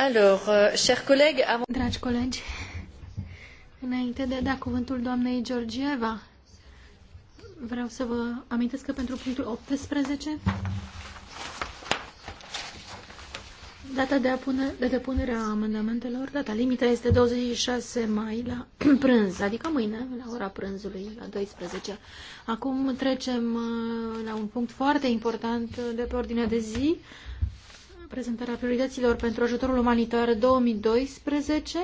Euh, Dragi colegi, înainte de a da cuvântul doamnei Georgieva, vreau să vă amintesc că pentru punctul 18, data de, apune, de depunere a amendamentelor, data limită este 26 mai la prânz, adică mâine, la ora prânzului, la 12. Acum trecem uh, la un punct foarte important de pe ordinea de zi, prezentarea priorităților pentru ajutorul umanitar 2012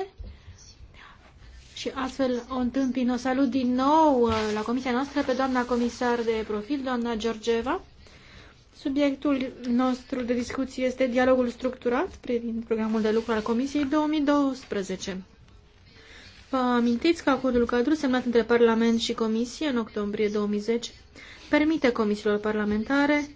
și astfel o întâmpin. O salut din nou uh, la comisia noastră pe doamna comisar de profil, doamna Georgeva. Subiectul nostru de discuție este dialogul structurat privind programul de lucru al Comisiei 2012. Vă amintiți că acordul cadru semnat între Parlament și Comisie în octombrie 2010 permite comisiilor parlamentare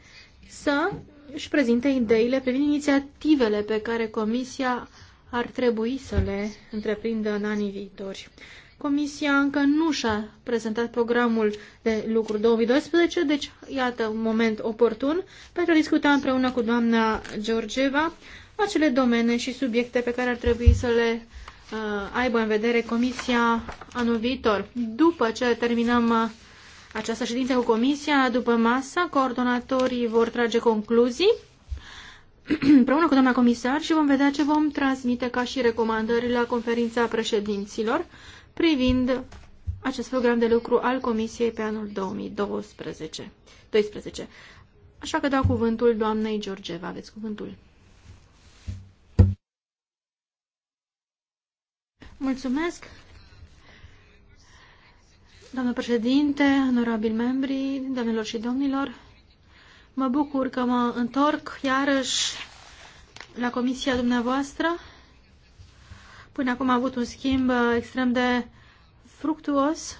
să își prezinte ideile privind inițiativele pe care Comisia ar trebui să le întreprindă în anii viitori. Comisia încă nu și-a prezentat programul de lucru 2012, deci iată un moment oportun pentru a discuta împreună cu doamna Georgeva acele domene și subiecte pe care ar trebui să le uh, aibă în vedere Comisia anul viitor. După ce terminăm uh, această ședință cu comisia. După masă, coordonatorii vor trage concluzii împreună cu doamna comisar și vom vedea ce vom transmite ca și recomandări la conferința președinților privind acest program de lucru al Comisiei pe anul 2012. 12. Așa că dau cuvântul doamnei Georgeva. Aveți cuvântul. Mulțumesc. Doamnă președinte, onorabili membri, doamnelor și domnilor, mă bucur că mă întorc iarăși la comisia dumneavoastră. Până acum a avut un schimb extrem de fructuos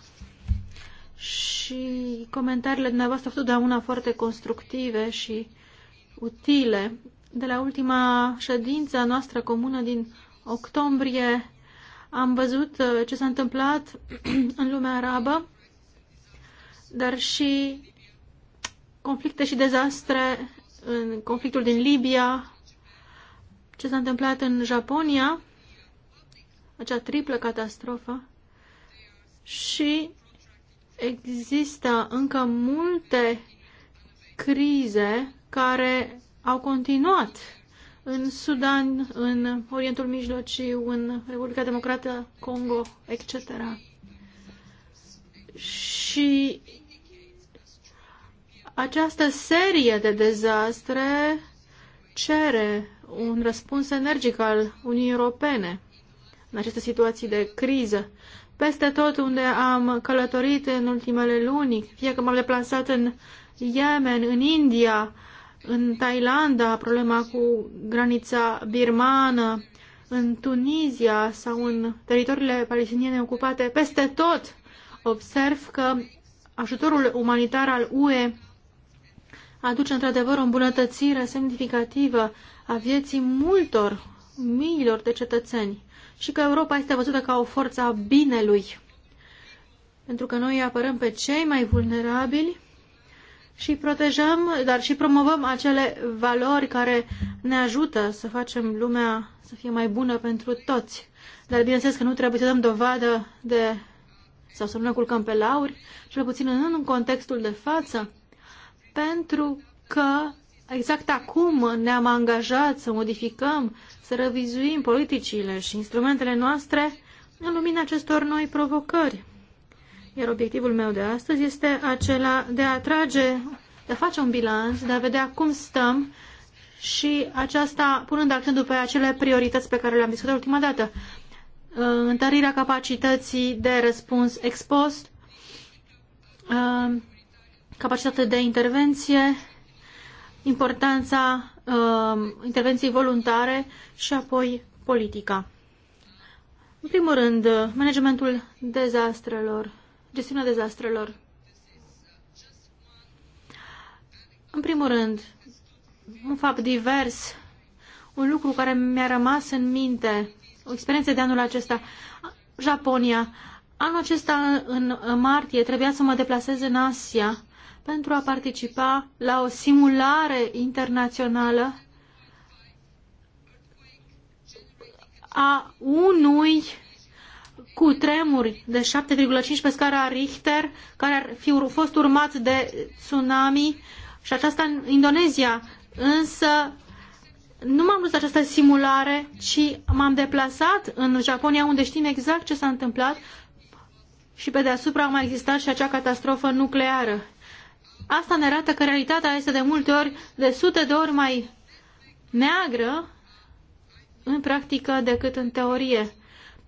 și comentariile dumneavoastră au fost una foarte constructive și utile. De la ultima ședință noastră comună din octombrie am văzut uh, ce s-a întâmplat în lumea arabă, dar și conflicte și dezastre în conflictul din Libia, ce s-a întâmplat în Japonia, acea triplă catastrofă și există încă multe crize care au continuat în Sudan, în Orientul Mijlociu, în Republica Democrată Congo, etc. Și această serie de dezastre cere un răspuns energic al Uniunii Europene în aceste situații de criză. Peste tot unde am călătorit în ultimele luni, fie că m-am deplasat în Yemen, în India, în Thailanda, problema cu granița birmană, în Tunisia sau în teritoriile palestiniene ocupate, peste tot observ că ajutorul umanitar al UE aduce într-adevăr o îmbunătățire semnificativă a vieții multor miilor de cetățeni și că Europa este văzută ca o forță a binelui. Pentru că noi îi apărăm pe cei mai vulnerabili și protejăm, dar și promovăm acele valori care ne ajută să facem lumea să fie mai bună pentru toți. Dar bineînțeles că nu trebuie să dăm dovadă de sau să nu ne culcăm pe lauri, cel puțin în contextul de față, pentru că exact acum ne-am angajat să modificăm, să revizuim politicile și instrumentele noastre în lumina acestor noi provocări. Iar obiectivul meu de astăzi este acela de a trage, de a face un bilanț, de a vedea cum stăm și aceasta punând accentul pe acele priorități pe care le-am discutat ultima dată. Uh, întărirea capacității de răspuns ex post, uh, capacitatea de intervenție, importanța uh, intervenției voluntare și apoi politica. În primul rând, managementul dezastrelor gestiunea dezastrelor. În primul rând, un fapt divers, un lucru care mi-a rămas în minte, o experiență de anul acesta, Japonia. Anul acesta, în martie, trebuia să mă deplasez în Asia pentru a participa la o simulare internațională a unui cu tremuri de 7,5 pe scara Richter, care ar fi fost urmați de tsunami și aceasta în Indonezia. Însă nu m-am dus această simulare, ci m-am deplasat în Japonia, unde știm exact ce s-a întâmplat și pe deasupra a mai existat și acea catastrofă nucleară. Asta ne arată că realitatea este de multe ori, de sute de ori mai neagră în practică decât în teorie.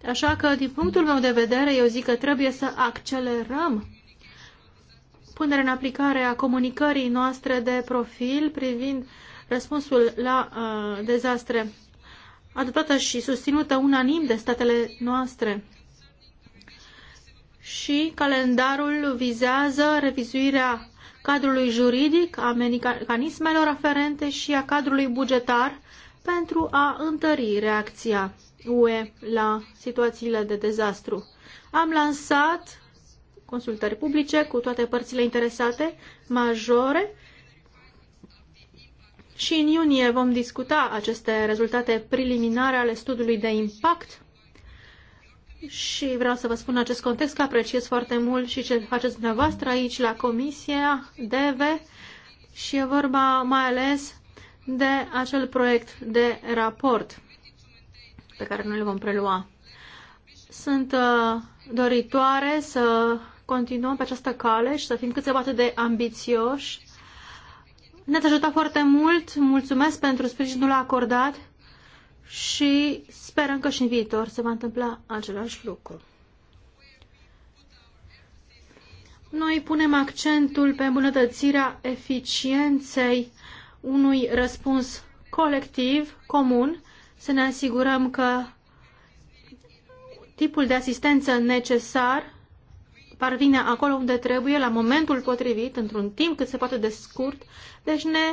Așa că, din punctul meu de vedere, eu zic că trebuie să accelerăm punerea în aplicare a comunicării noastre de profil privind răspunsul la uh, dezastre adoptată și susținută unanim de statele noastre. Și calendarul vizează revizuirea cadrului juridic, a mecanismelor aferente și a cadrului bugetar pentru a întări reacția UE la situațiile de dezastru. Am lansat consultări publice cu toate părțile interesate majore și în iunie vom discuta aceste rezultate preliminare ale studiului de impact și vreau să vă spun în acest context că apreciez foarte mult și ce faceți dumneavoastră aici la Comisia DV și e vorba mai ales de acel proiect de raport pe care noi le vom prelua. Sunt uh, doritoare să continuăm pe această cale și să fim cât se poate de ambițioși. Ne-ați ajutat foarte mult, mulțumesc pentru sprijinul acordat și sperăm că și în viitor se va întâmpla același lucru. Noi punem accentul pe îmbunătățirea eficienței unui răspuns colectiv, comun, să ne asigurăm că tipul de asistență necesar parvine acolo unde trebuie, la momentul potrivit, într-un timp cât se poate de scurt. Deci ne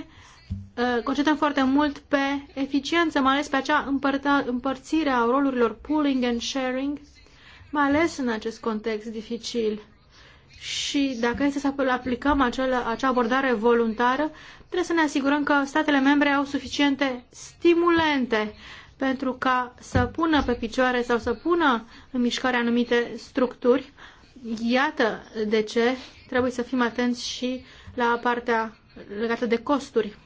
uh, concentrăm foarte mult pe eficiență, mai ales pe acea împărțire a rolurilor pooling and sharing, mai ales în acest context dificil. Și dacă este să aplicăm acea, acea abordare voluntară, trebuie să ne asigurăm că statele membre au suficiente stimulente pentru ca să pună pe picioare sau să pună în mișcare anumite structuri. Iată de ce trebuie să fim atenți și la partea legată de costuri.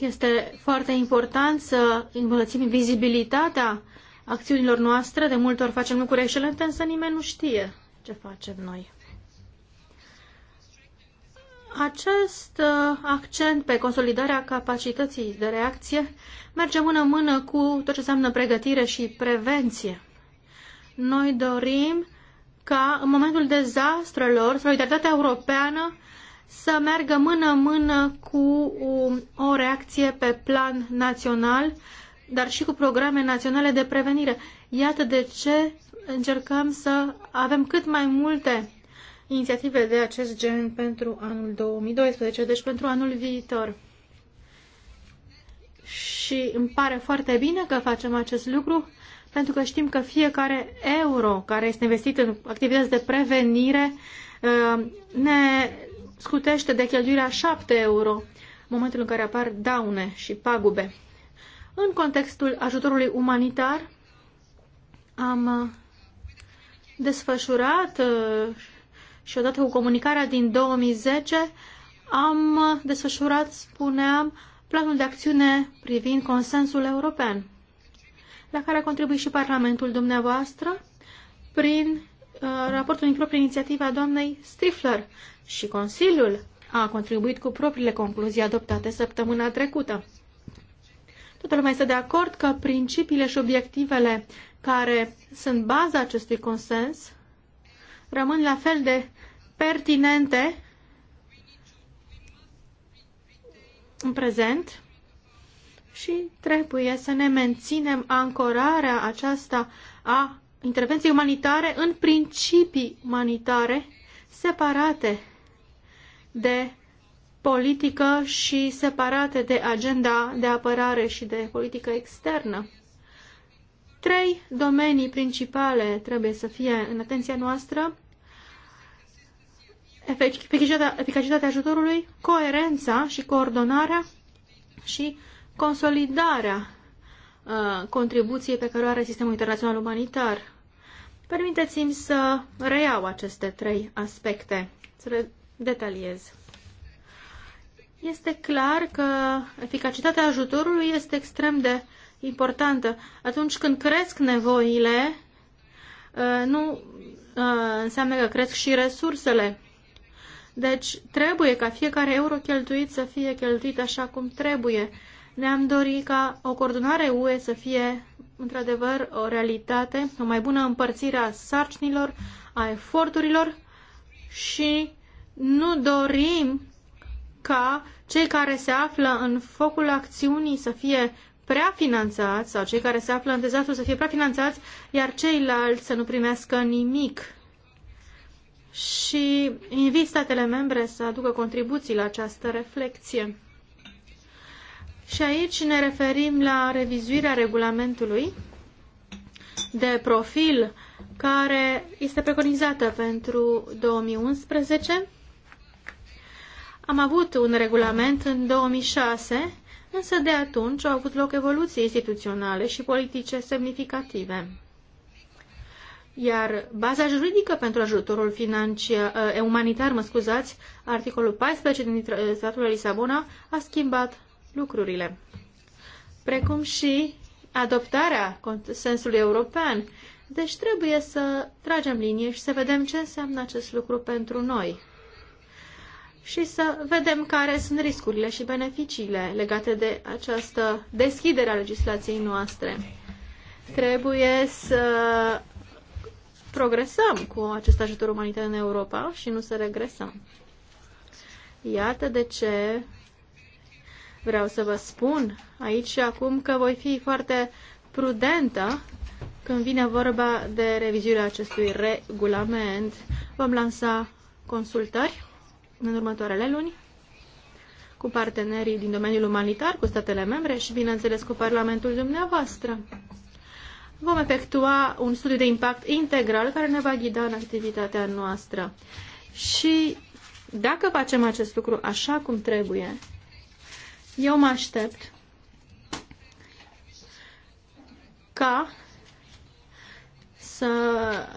Este foarte important să îmbunătățim vizibilitatea acțiunilor noastre. De multe ori facem lucruri excelente, însă nimeni nu știe ce facem noi. Acest uh, accent pe consolidarea capacității de reacție merge mână-mână cu tot ce înseamnă pregătire și prevenție. Noi dorim ca în momentul dezastrelor solidaritatea europeană să meargă mână-mână cu o reacție pe plan național, dar și cu programe naționale de prevenire. Iată de ce încercăm să avem cât mai multe inițiative de acest gen pentru anul 2012, deci pentru anul viitor. Și îmi pare foarte bine că facem acest lucru, pentru că știm că fiecare euro care este investit în activități de prevenire uh, ne scutește de cheltuirea 7 euro în momentul în care apar daune și pagube. În contextul ajutorului umanitar am uh, desfășurat uh, și odată cu comunicarea din 2010 am desfășurat, spuneam, planul de acțiune privind consensul european, la care a contribuit și Parlamentul dumneavoastră prin uh, raportul din proprie inițiativă a doamnei Stifler și Consiliul a contribuit cu propriile concluzii adoptate săptămâna trecută. Toată lumea este de acord că principiile și obiectivele care sunt baza acestui consens rămân la fel de pertinente în prezent și trebuie să ne menținem ancorarea aceasta a intervenției umanitare în principii umanitare separate de politică și separate de agenda de apărare și de politică externă. Trei domenii principale trebuie să fie în atenția noastră eficacitatea, eficacitatea ajutorului, coerența și coordonarea și consolidarea uh, contribuției pe care o are sistemul internațional umanitar. Permiteți-mi să reiau aceste trei aspecte, să le detaliez. Este clar că eficacitatea ajutorului este extrem de importantă. Atunci când cresc nevoile, uh, nu uh, înseamnă că cresc și resursele. Deci trebuie ca fiecare euro cheltuit să fie cheltuit așa cum trebuie. Ne-am dorit ca o coordonare UE să fie într-adevăr o realitate, o mai bună împărțire a sarcinilor, a eforturilor și nu dorim ca cei care se află în focul acțiunii să fie prea finanțați sau cei care se află în dezastru să fie prea finanțați, iar ceilalți să nu primească nimic și invit statele membre să aducă contribuții la această reflexie. Și aici ne referim la revizuirea regulamentului de profil care este preconizată pentru 2011. Am avut un regulament în 2006, însă de atunci au avut loc evoluții instituționale și politice semnificative. Iar baza juridică pentru ajutorul financiar, uh, umanitar, mă scuzați, articolul 14 din uh, Tratatul de Lisabona a schimbat lucrurile. Precum și adoptarea consensului european. Deci trebuie să tragem linie și să vedem ce înseamnă acest lucru pentru noi și să vedem care sunt riscurile și beneficiile legate de această deschidere a legislației noastre. Trebuie să progresăm cu acest ajutor umanitar în Europa și nu să regresăm. Iată de ce vreau să vă spun aici și acum că voi fi foarte prudentă când vine vorba de revizuirea acestui regulament. Vom lansa consultări în următoarele luni cu partenerii din domeniul umanitar, cu statele membre și, bineînțeles, cu Parlamentul dumneavoastră vom efectua un studiu de impact integral care ne va ghida în activitatea noastră. Și dacă facem acest lucru așa cum trebuie, eu mă aștept ca să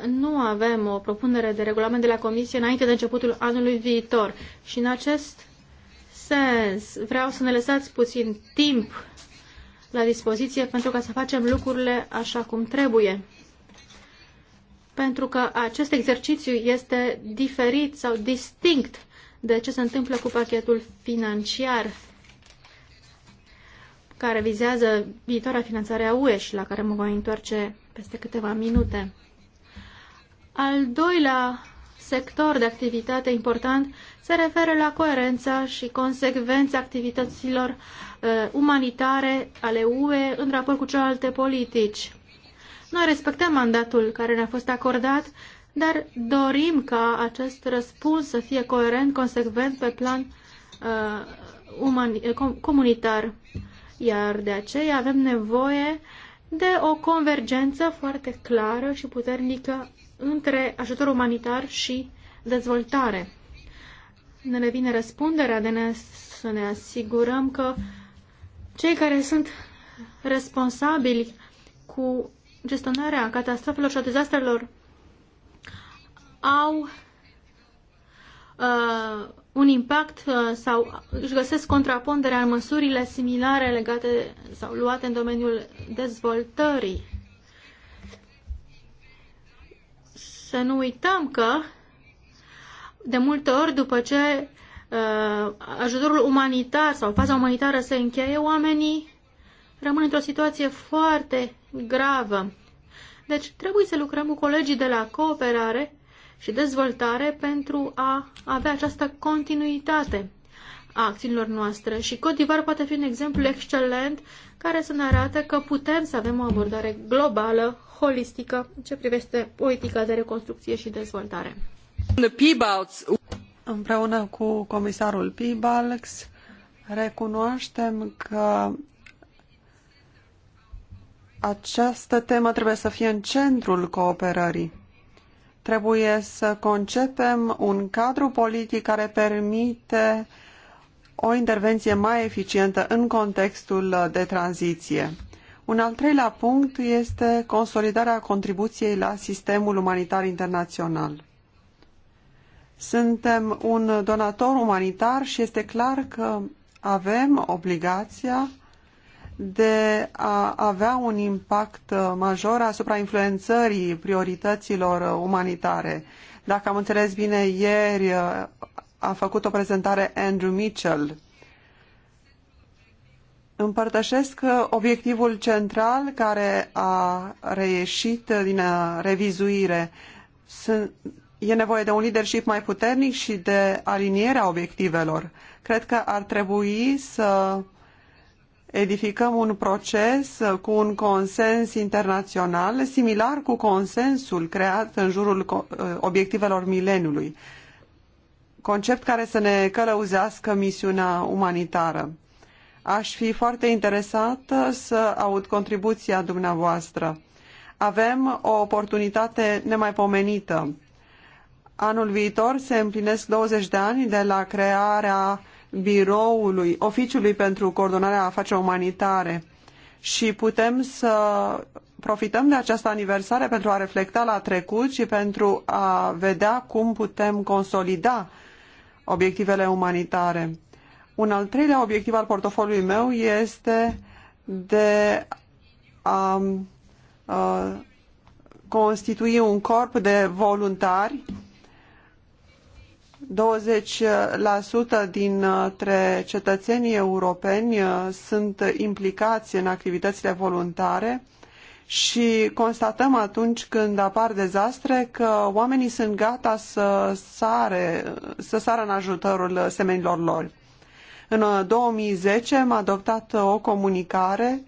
nu avem o propunere de regulament de la Comisie înainte de începutul anului viitor. Și în acest sens vreau să ne lăsați puțin timp la dispoziție pentru ca să facem lucrurile așa cum trebuie. Pentru că acest exercițiu este diferit sau distinct de ce se întâmplă cu pachetul financiar care vizează viitoarea finanțare a UE și la care mă voi întoarce peste câteva minute. Al doilea sector de activitate important se referă la coerența și consecvența activităților uh, umanitare ale UE în raport cu celelalte politici. Noi respectăm mandatul care ne-a fost acordat, dar dorim ca acest răspuns să fie coerent, consecvent pe plan uh, uman, uh, comunitar. Iar de aceea avem nevoie de o convergență foarte clară și puternică între ajutor umanitar și dezvoltare. Ne revine răspunderea de ne, să ne asigurăm că cei care sunt responsabili cu gestionarea catastrofelor și a dezastrelor au uh, un impact uh, sau își găsesc contraponderea în măsurile similare legate sau luate în domeniul dezvoltării. Să nu uităm că de multe ori după ce uh, ajutorul umanitar sau faza umanitară se încheie, oamenii rămân într-o situație foarte gravă. Deci trebuie să lucrăm cu colegii de la cooperare și dezvoltare pentru a avea această continuitate a acțiunilor noastre și Cotivar poate fi un exemplu excelent care să ne arată că putem să avem o abordare globală, holistică în ce privește politica de reconstrucție și dezvoltare. Împreună cu comisarul Pibalx recunoaștem că această temă trebuie să fie în centrul cooperării. Trebuie să concepem un cadru politic care permite o intervenție mai eficientă în contextul de tranziție. Un al treilea punct este consolidarea contribuției la sistemul umanitar internațional. Suntem un donator umanitar și este clar că avem obligația de a avea un impact major asupra influențării priorităților umanitare. Dacă am înțeles bine, ieri a făcut o prezentare Andrew Mitchell Împărtășesc obiectivul central care a reieșit din revizuire. Sunt, e nevoie de un leadership mai puternic și de alinierea obiectivelor. Cred că ar trebui să edificăm un proces cu un consens internațional similar cu consensul creat în jurul ă, obiectivelor mileniului, concept care să ne călăuzească misiunea umanitară. Aș fi foarte interesată să aud contribuția dumneavoastră. Avem o oportunitate nemaipomenită. Anul viitor se împlinesc 20 de ani de la crearea biroului, oficiului pentru coordonarea afacerilor umanitare și putem să profităm de această aniversare pentru a reflecta la trecut și pentru a vedea cum putem consolida obiectivele umanitare. Un al treilea obiectiv al portofoliului meu este de a, a constitui un corp de voluntari 20% dintre cetățenii europeni sunt implicați în activitățile voluntare și constatăm atunci când apar dezastre că oamenii sunt gata să, sare, să sară în ajutorul semenilor lor. În 2010 uh, am adoptat o comunicare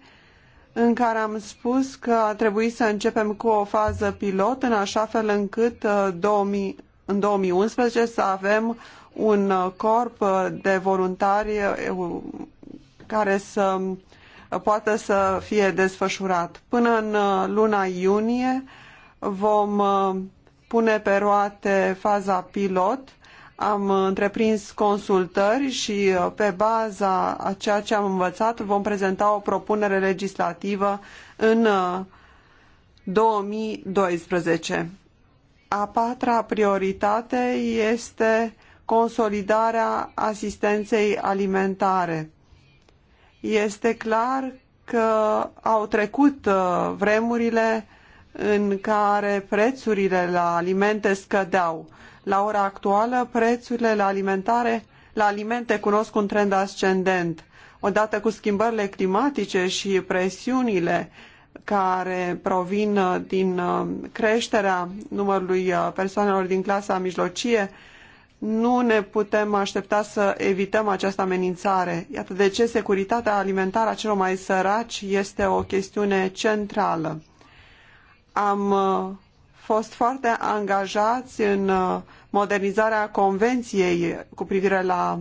în care am spus că ar trebui să începem cu o fază pilot în așa fel încât 2000, uh, în 2011 să avem un uh, corp de voluntari care să poată să fie desfășurat. Până în luna iunie vom pune pe roate faza pilot am întreprins consultări și uh, pe baza a ceea ce am învățat vom prezenta o propunere legislativă în 2012. Uh, a patra prioritate este consolidarea asistenței alimentare. Este clar că au trecut uh, vremurile în care prețurile la alimente scădeau la ora actuală, prețurile la, alimentare, la alimente cunosc un trend ascendent. Odată cu schimbările climatice și presiunile care provin uh, din uh, creșterea numărului uh, persoanelor din clasa mijlocie, nu ne putem aștepta să evităm această amenințare. Iată de ce securitatea alimentară a celor mai săraci este o chestiune centrală. Am fost foarte angajați în uh, modernizarea convenției cu privire la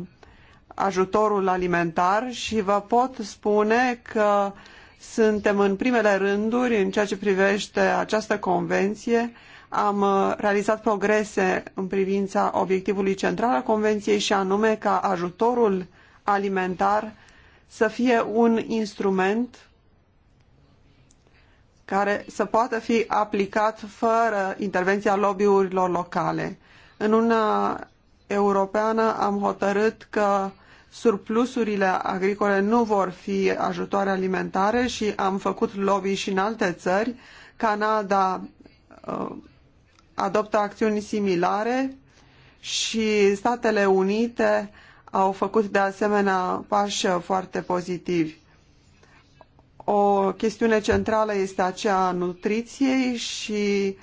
ajutorul alimentar și vă pot spune că suntem în primele rânduri în ceea ce privește această convenție. Am uh, realizat progrese în privința obiectivului central al convenției și anume ca ajutorul alimentar să fie un instrument care să poată fi aplicat fără intervenția lobby-urilor locale. În una Europeană am hotărât că surplusurile agricole nu vor fi ajutoare alimentare și am făcut lobby și în alte țări. Canada uh, adoptă acțiuni similare și Statele Unite au făcut de asemenea pași foarte pozitivi. O chestiune centrală este aceea a nutriției și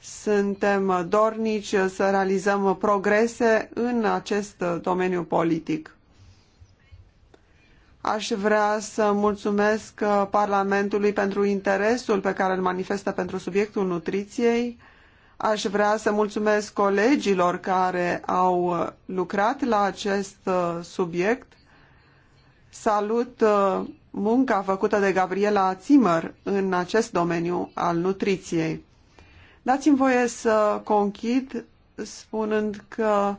suntem dornici să realizăm progrese în acest domeniu politic. Aș vrea să mulțumesc Parlamentului pentru interesul pe care îl manifestă pentru subiectul nutriției. Aș vrea să mulțumesc colegilor care au lucrat la acest subiect Salut uh, munca făcută de Gabriela Zimmer în acest domeniu al nutriției. Dați-mi voie să conchid spunând că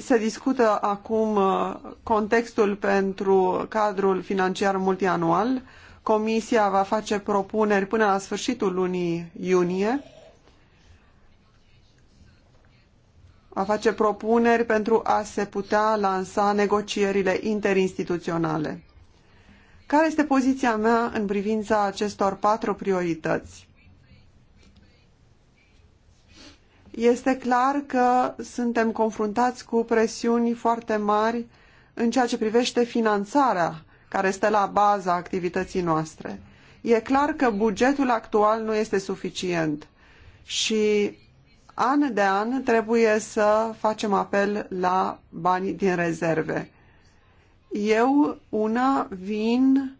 se discută acum uh, contextul pentru cadrul financiar multianual. Comisia va face propuneri până la sfârșitul lunii iunie a face propuneri pentru a se putea lansa negocierile interinstituționale. Care este poziția mea în privința acestor patru priorități? Este clar că suntem confruntați cu presiuni foarte mari în ceea ce privește finanțarea care stă la baza activității noastre. E clar că bugetul actual nu este suficient și An de an trebuie să facem apel la banii din rezerve. Eu, una, vin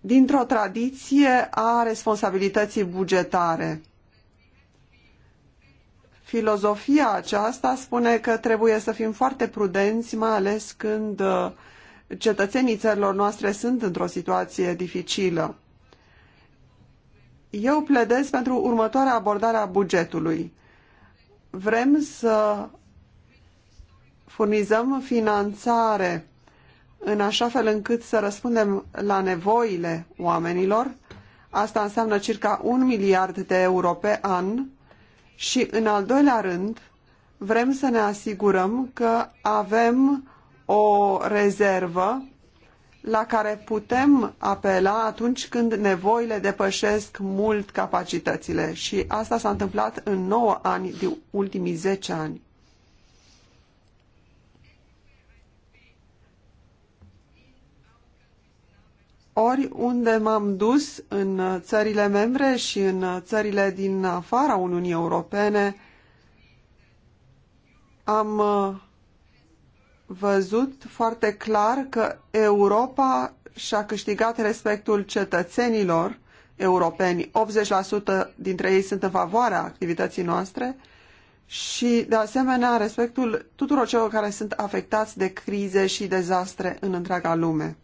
dintr-o tradiție a responsabilității bugetare. Filozofia aceasta spune că trebuie să fim foarte prudenți, mai ales când uh, cetățenii țărilor noastre sunt într-o situație dificilă. Eu pledez pentru următoarea abordare a bugetului. Vrem să furnizăm finanțare în așa fel încât să răspundem la nevoile oamenilor. Asta înseamnă circa un miliard de euro pe an. Și în al doilea rând, vrem să ne asigurăm că avem o rezervă la care putem apela atunci când nevoile depășesc mult capacitățile și asta s-a întâmplat în 9 ani din ultimii 10 ani. Ori unde m-am dus în țările membre și în țările din afara Uniunii Europene, am văzut foarte clar că Europa și-a câștigat respectul cetățenilor europeni. 80% dintre ei sunt în favoarea activității noastre și, de asemenea, respectul tuturor celor care sunt afectați de crize și dezastre în întreaga lume.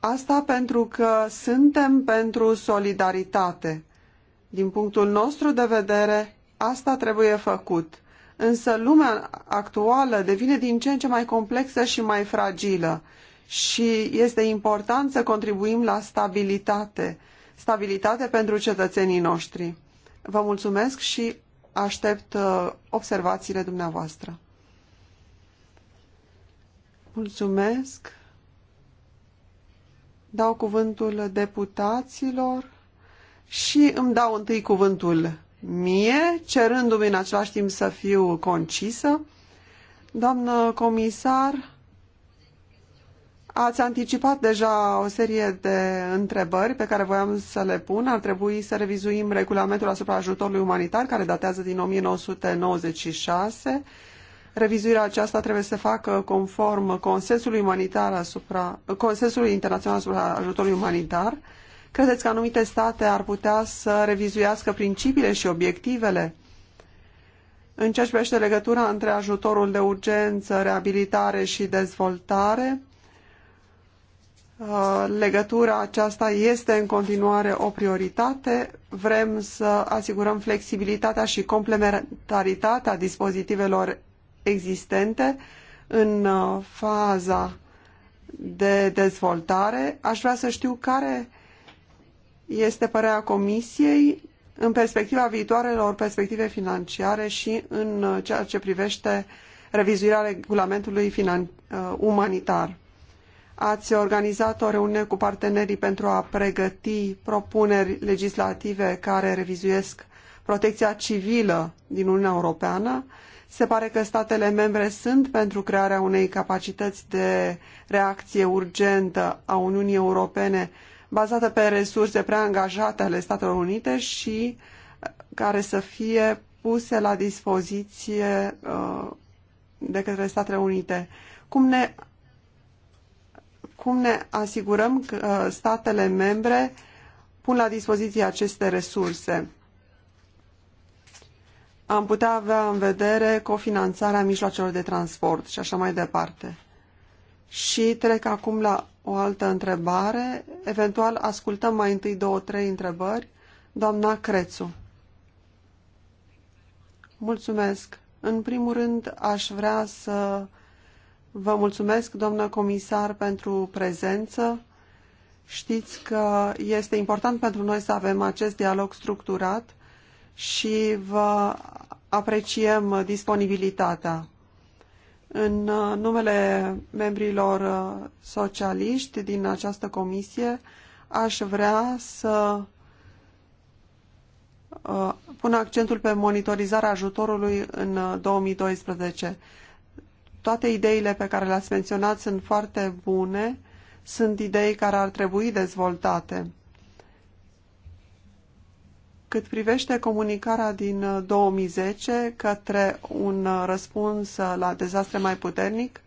Asta pentru că suntem pentru solidaritate. Din punctul nostru de vedere, asta trebuie făcut însă lumea actuală devine din ce în ce mai complexă și mai fragilă și este important să contribuim la stabilitate, stabilitate pentru cetățenii noștri. Vă mulțumesc și aștept uh, observațiile dumneavoastră. Mulțumesc. Dau cuvântul deputaților și îmi dau întâi cuvântul mie, cerându-mi în același timp să fiu concisă. Doamnă comisar, ați anticipat deja o serie de întrebări pe care voiam să le pun. Ar trebui să revizuim regulamentul asupra ajutorului umanitar, care datează din 1996. Revizuirea aceasta trebuie să facă conform consensului, umanitar asupra, consensului internațional asupra ajutorului umanitar. Credeți că anumite state ar putea să revizuiască principiile și obiectivele? În ceea ce privește legătura între ajutorul de urgență, reabilitare și dezvoltare, uh, legătura aceasta este în continuare o prioritate. Vrem să asigurăm flexibilitatea și complementaritatea dispozitivelor existente în uh, faza de dezvoltare. Aș vrea să știu care este părerea Comisiei în perspectiva viitoarelor perspective financiare și în ceea ce privește revizuirea regulamentului finan- uh, umanitar. Ați organizat o reuniune cu partenerii pentru a pregăti propuneri legislative care revizuiesc protecția civilă din Uniunea Europeană. Se pare că statele membre sunt pentru crearea unei capacități de reacție urgentă a Uniunii Europene bazată pe resurse prea angajate ale Statelor Unite și uh, care să fie puse la dispoziție uh, de către Statele Unite. Cum ne, cum ne asigurăm că uh, statele membre pun la dispoziție aceste resurse? Am putea avea în vedere cofinanțarea mijloacelor de transport și așa mai departe. Și trec acum la o altă întrebare. Eventual ascultăm mai întâi două, trei întrebări. Doamna Crețu. Mulțumesc. În primul rând, aș vrea să vă mulțumesc, doamnă comisar, pentru prezență. Știți că este important pentru noi să avem acest dialog structurat și vă apreciem disponibilitatea. În uh, numele membrilor uh, socialiști din această comisie, aș vrea să uh, pun accentul pe monitorizarea ajutorului în 2012. Toate ideile pe care le-ați menționat sunt foarte bune, sunt idei care ar trebui dezvoltate. Cât privește comunicarea din 2010 uh, către un uh, răspuns uh, la dezastre mai puternic,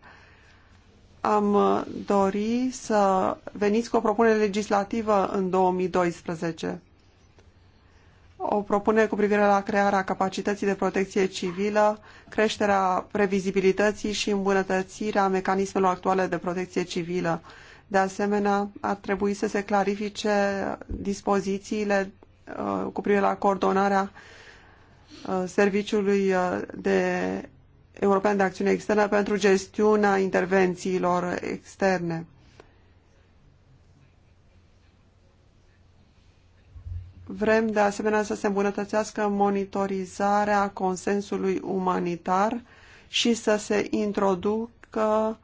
am dori să veniți cu o propunere legislativă în 2012. O propunere cu privire la crearea capacității de protecție civilă, creșterea previzibilității și îmbunătățirea mecanismelor actuale de protecție civilă. De asemenea, ar trebui să se clarifice dispozițiile Uh, cu privire la coordonarea uh, Serviciului uh, de European de Acțiune Externă pentru gestiunea intervențiilor externe. Vrem de asemenea să se îmbunătățească monitorizarea consensului umanitar și să se introducă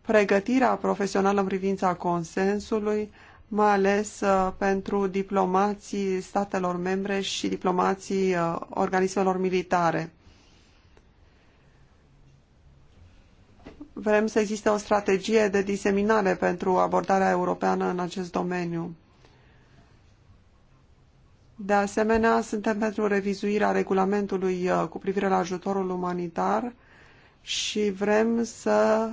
pregătirea profesională în privința consensului, mai ales uh, pentru diplomații statelor membre și diplomații uh, organismelor militare. Vrem să existe o strategie de diseminare pentru abordarea europeană în acest domeniu. De asemenea, suntem pentru revizuirea regulamentului uh, cu privire la ajutorul umanitar și vrem să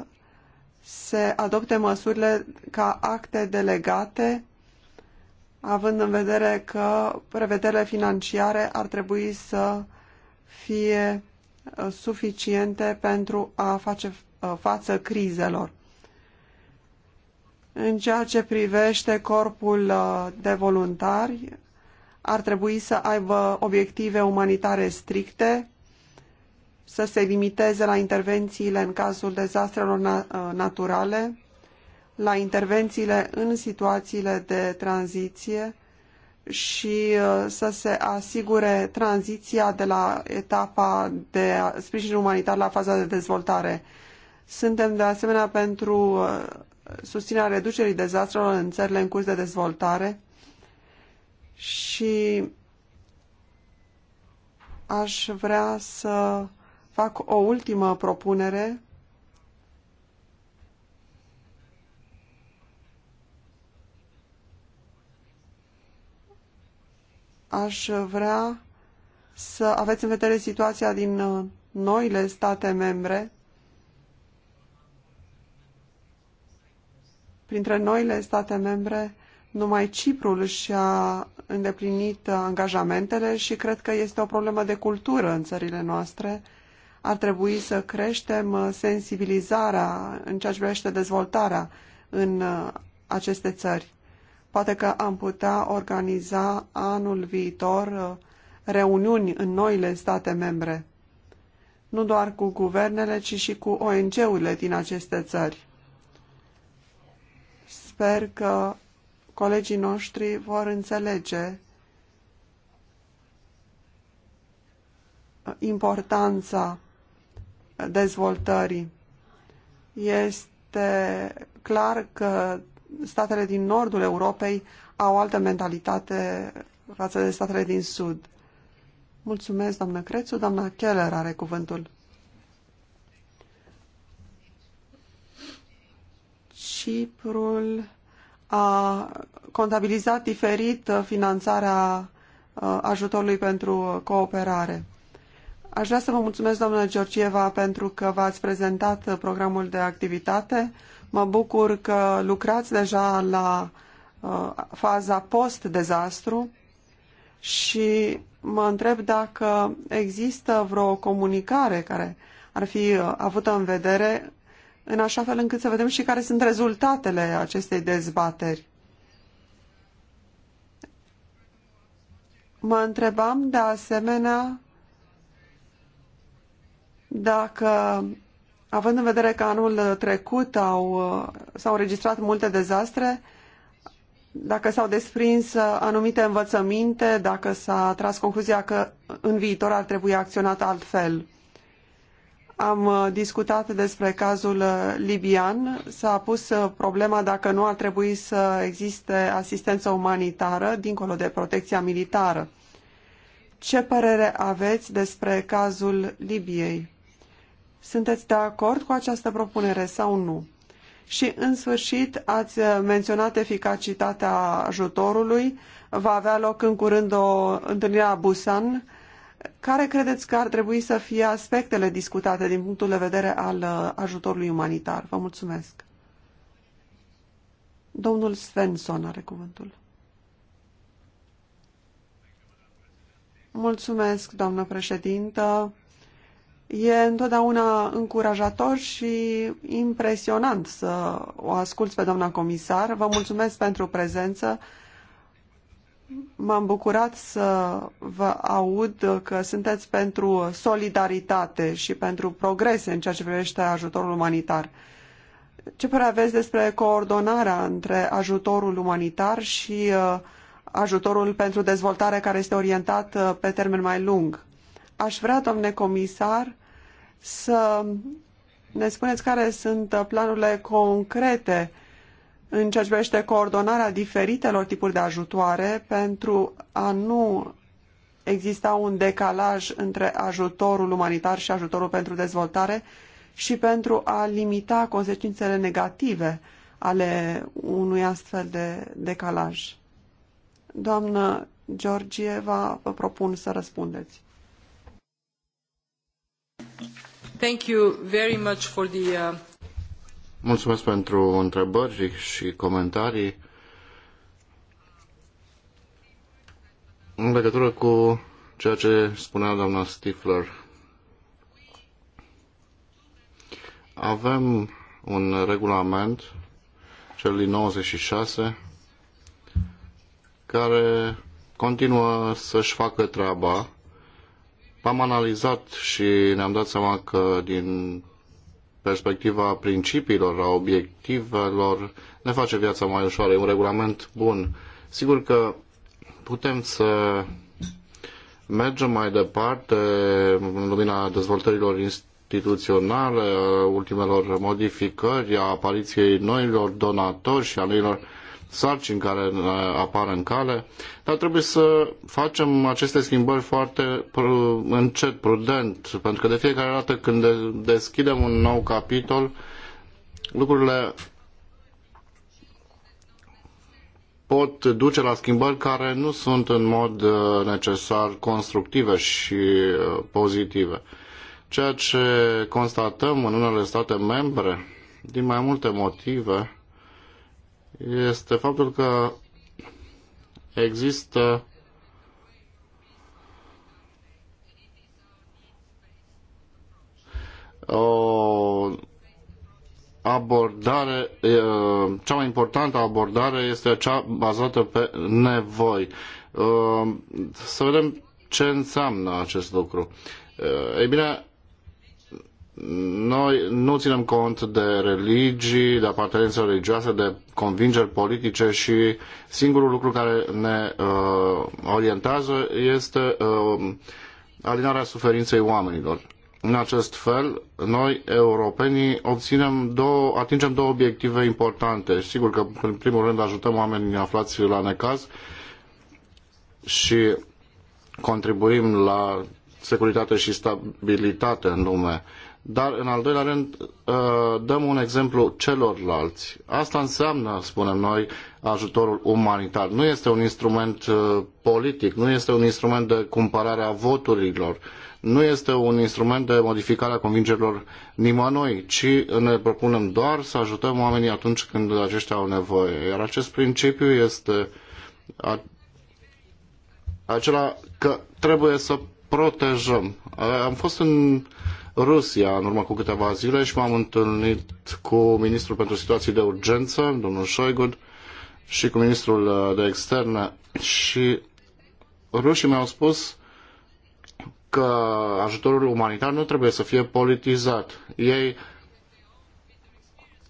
se adopte măsurile ca acte delegate, având în vedere că prevederile financiare ar trebui să fie uh, suficiente pentru a face uh, față crizelor. În ceea ce privește corpul uh, de voluntari, ar trebui să aibă obiective umanitare stricte, să se limiteze la intervențiile în cazul dezastrelor uh, naturale, la intervențiile în situațiile de tranziție și uh, să se asigure tranziția de la etapa de sprijin umanitar la faza de dezvoltare. Suntem de asemenea pentru uh, susținerea reducerii dezastrelor în țările în curs de dezvoltare și aș vrea să fac o ultimă propunere. Aș vrea să aveți în vedere situația din uh, noile state membre. Printre noile state membre, numai Ciprul și-a îndeplinit uh, angajamentele și cred că este o problemă de cultură în țările noastre ar trebui să creștem uh, sensibilizarea în ceea ce privește dezvoltarea în uh, aceste țări. Poate că am putea organiza anul viitor uh, reuniuni în noile state membre, nu doar cu guvernele, ci și cu ONG-urile din aceste țări. Sper că colegii noștri vor înțelege importanța dezvoltării. Este clar că statele din nordul Europei au altă mentalitate față de statele din sud. Mulțumesc, doamnă Crețu. Doamna Keller are cuvântul. Ciprul a contabilizat diferit finanțarea uh, ajutorului pentru cooperare. Aș vrea să vă mulțumesc, doamnă Georgieva, pentru că v-ați prezentat programul de activitate. Mă bucur că lucrați deja la uh, faza post-dezastru și mă întreb dacă există vreo comunicare care ar fi uh, avută în vedere în așa fel încât să vedem și care sunt rezultatele acestei dezbateri. Mă întrebam de asemenea dacă, având în vedere că anul trecut au, s-au registrat multe dezastre, dacă s-au desprins anumite învățăminte, dacă s-a tras concluzia că în viitor ar trebui acționat altfel. Am uh, discutat despre cazul uh, libian. S-a pus uh, problema dacă nu ar trebui să existe asistență umanitară dincolo de protecția militară. Ce părere aveți despre cazul Libiei? Sunteți de acord cu această propunere sau nu? Și, în sfârșit, ați menționat eficacitatea ajutorului. Va avea loc în curând o întâlnire a Busan. Care credeți că ar trebui să fie aspectele discutate din punctul de vedere al uh, ajutorului umanitar? Vă mulțumesc. Domnul Svensson are cuvântul. Mulțumesc, doamnă președintă. E întotdeauna încurajator și impresionant să o asculți pe doamna comisar. Vă mulțumesc pentru prezență. M-am bucurat să vă aud că sunteți pentru solidaritate și pentru progrese în ceea ce privește ajutorul umanitar. Ce părere aveți despre coordonarea între ajutorul umanitar și uh, ajutorul pentru dezvoltare care este orientat uh, pe termen mai lung? Aș vrea, domnule comisar, să ne spuneți care sunt planurile concrete în ceea ce privește coordonarea diferitelor tipuri de ajutoare pentru a nu exista un decalaj între ajutorul umanitar și ajutorul pentru dezvoltare și pentru a limita consecințele negative ale unui astfel de decalaj. Doamnă Georgieva, vă propun să răspundeți. Thank you very much for the, uh... Mulțumesc pentru întrebări și comentarii. În legătură cu ceea ce spunea doamna Stifler, avem un regulament, cel din 96, care continuă să-și facă treaba am analizat și ne-am dat seama că din perspectiva principiilor, a obiectivelor, ne face viața mai ușoară. E un regulament bun. Sigur că putem să mergem mai departe în lumina dezvoltărilor instituționale, ultimelor modificări, a apariției noilor donatori și a noilor sarcini care uh, apar în cale, dar trebuie să facem aceste schimbări foarte încet, prudent, pentru că de fiecare dată când deschidem un nou capitol, lucrurile pot duce la schimbări care nu sunt în mod uh, necesar constructive și uh, pozitive. Ceea ce constatăm în unele state membre, din mai multe motive, este faptul că există o abordare, cea mai importantă abordare este cea bazată pe nevoi. Să vedem ce înseamnă acest lucru. Ei bine, noi nu ținem cont de religii, de apartenență religioasă, de convingeri politice și singurul lucru care ne uh, orientează este uh, alinarea suferinței oamenilor. În acest fel, noi, europenii, obținem două, atingem două obiective importante. Sigur că, în primul rând, ajutăm oamenii aflați la necaz și contribuim la securitate și stabilitate în lume dar în al doilea rând uh, dăm un exemplu celorlalți. Asta înseamnă, spunem noi, ajutorul umanitar. Nu este un instrument uh, politic, nu este un instrument de cumpărare a voturilor, nu este un instrument de modificare a convingerilor nimănui, ci ne propunem doar să ajutăm oamenii atunci când aceștia au nevoie. Iar acest principiu este acela că trebuie să protejăm. Am fost în Rusia în urmă cu câteva zile și m-am întâlnit cu ministrul pentru situații de urgență, domnul Șoigud, și cu ministrul de externe și rușii mi-au spus că ajutorul umanitar nu trebuie să fie politizat. Ei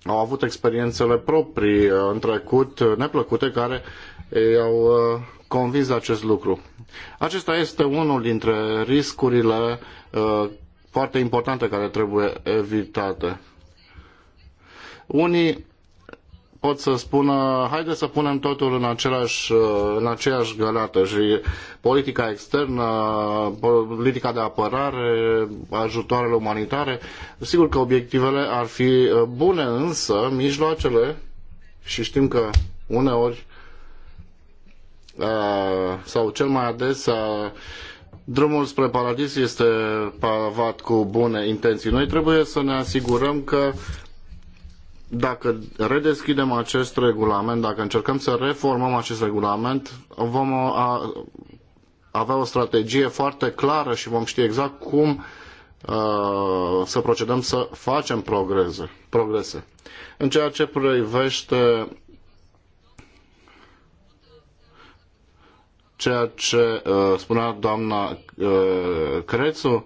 au avut experiențele proprii în trecut neplăcute care i-au uh, convins de acest lucru. Acesta este unul dintre riscurile uh, foarte importante care trebuie evitate. Unii pot să spună, haide să punem totul în, același, în aceeași galată și politica externă, politica de apărare, ajutoarele umanitare, sigur că obiectivele ar fi bune, însă mijloacele, și știm că uneori sau cel mai adesea Drumul spre paradis este pavat cu bune intenții. Noi trebuie să ne asigurăm că dacă redeschidem acest regulament, dacă încercăm să reformăm acest regulament, vom uh, avea o strategie foarte clară și vom ști exact cum uh, să procedăm să facem progrese. progrese. În ceea ce privește ceea ce uh, spunea doamna uh, Crețu.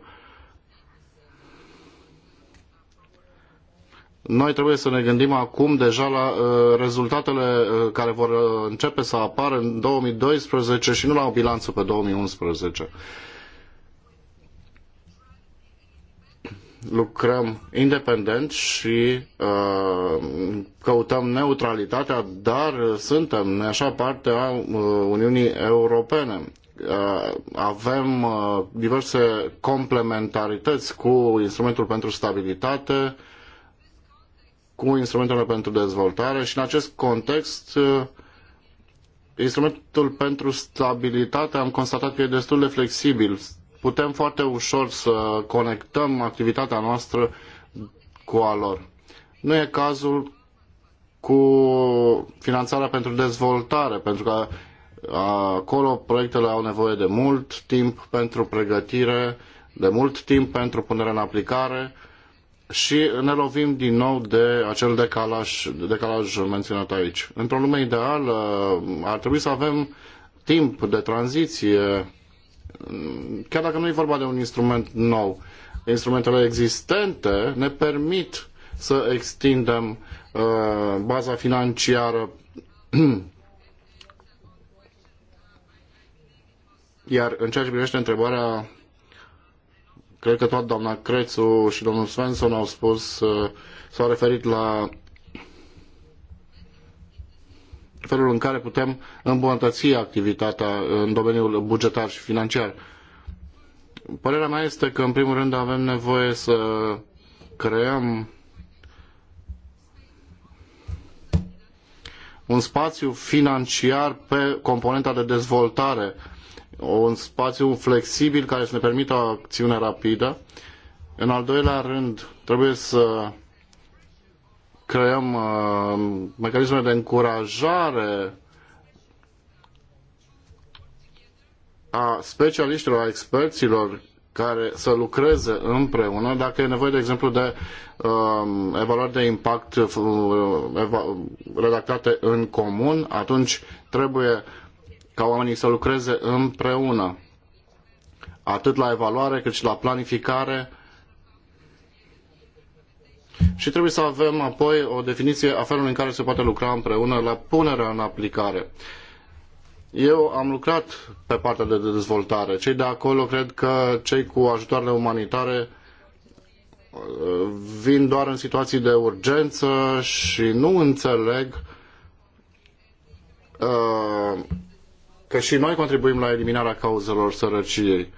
Noi trebuie să ne gândim acum deja la uh, rezultatele uh, care vor uh, începe să apară în 2012 și nu la o bilanță pe 2011. lucrăm independent și uh, căutăm neutralitatea, dar suntem așa parte a uh, Uniunii Europene. Uh, avem diverse complementarități cu instrumentul pentru stabilitate, cu instrumentele pentru dezvoltare și în acest context instrumentul pentru stabilitate am constatat că e destul de flexibil putem foarte ușor să conectăm activitatea noastră cu a lor. Nu e cazul cu finanțarea pentru dezvoltare, pentru că acolo proiectele au nevoie de mult timp pentru pregătire, de mult timp pentru punere în aplicare și ne lovim din nou de acel decalaj, decalaj menționat aici. Într-o lume ideală ar trebui să avem timp de tranziție chiar dacă nu e vorba de un instrument nou, instrumentele existente ne permit să extindem uh, baza financiară iar în ceea ce privește întrebarea cred că tot doamna Crețu și domnul Svensson au spus, uh, s-au referit la felul în care putem îmbunătăți activitatea în domeniul bugetar și financiar. Părerea mea este că, în primul rând, avem nevoie să creăm un spațiu financiar pe componenta de dezvoltare, un spațiu flexibil care să ne permită o acțiune rapidă. În al doilea rând, trebuie să creăm uh, mecanisme de încurajare a specialiștilor, a experților care să lucreze împreună, dacă e nevoie, de exemplu, de uh, evaluări de impact uh, redactate în comun, atunci trebuie ca oamenii să lucreze împreună, atât la evaluare cât și la planificare și trebuie să avem apoi o definiție a felului în care se poate lucra împreună la punerea în aplicare. Eu am lucrat pe partea de dezvoltare. Cei de acolo cred că cei cu ajutoarele umanitare uh, vin doar în situații de urgență și nu înțeleg uh, că și noi contribuim la eliminarea cauzelor sărăciei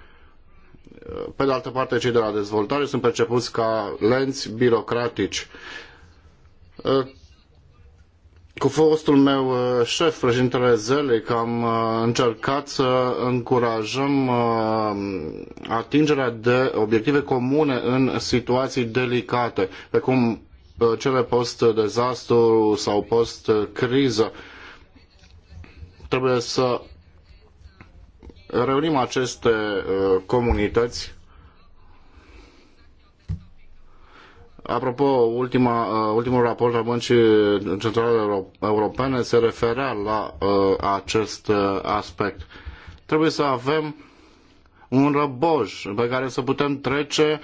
pe de altă parte cei de la dezvoltare sunt percepuți ca lenți birocratici. Cu fostul meu șef, președintele Zelic, am încercat să încurajăm atingerea de obiective comune în situații delicate, precum cele post-dezastru sau post-criză. Trebuie să reunim aceste uh, comunități. Apropo, ultima, uh, ultimul raport al Băncii Centrale Europene se referea la uh, acest aspect. Trebuie să avem un răboj pe care să putem trece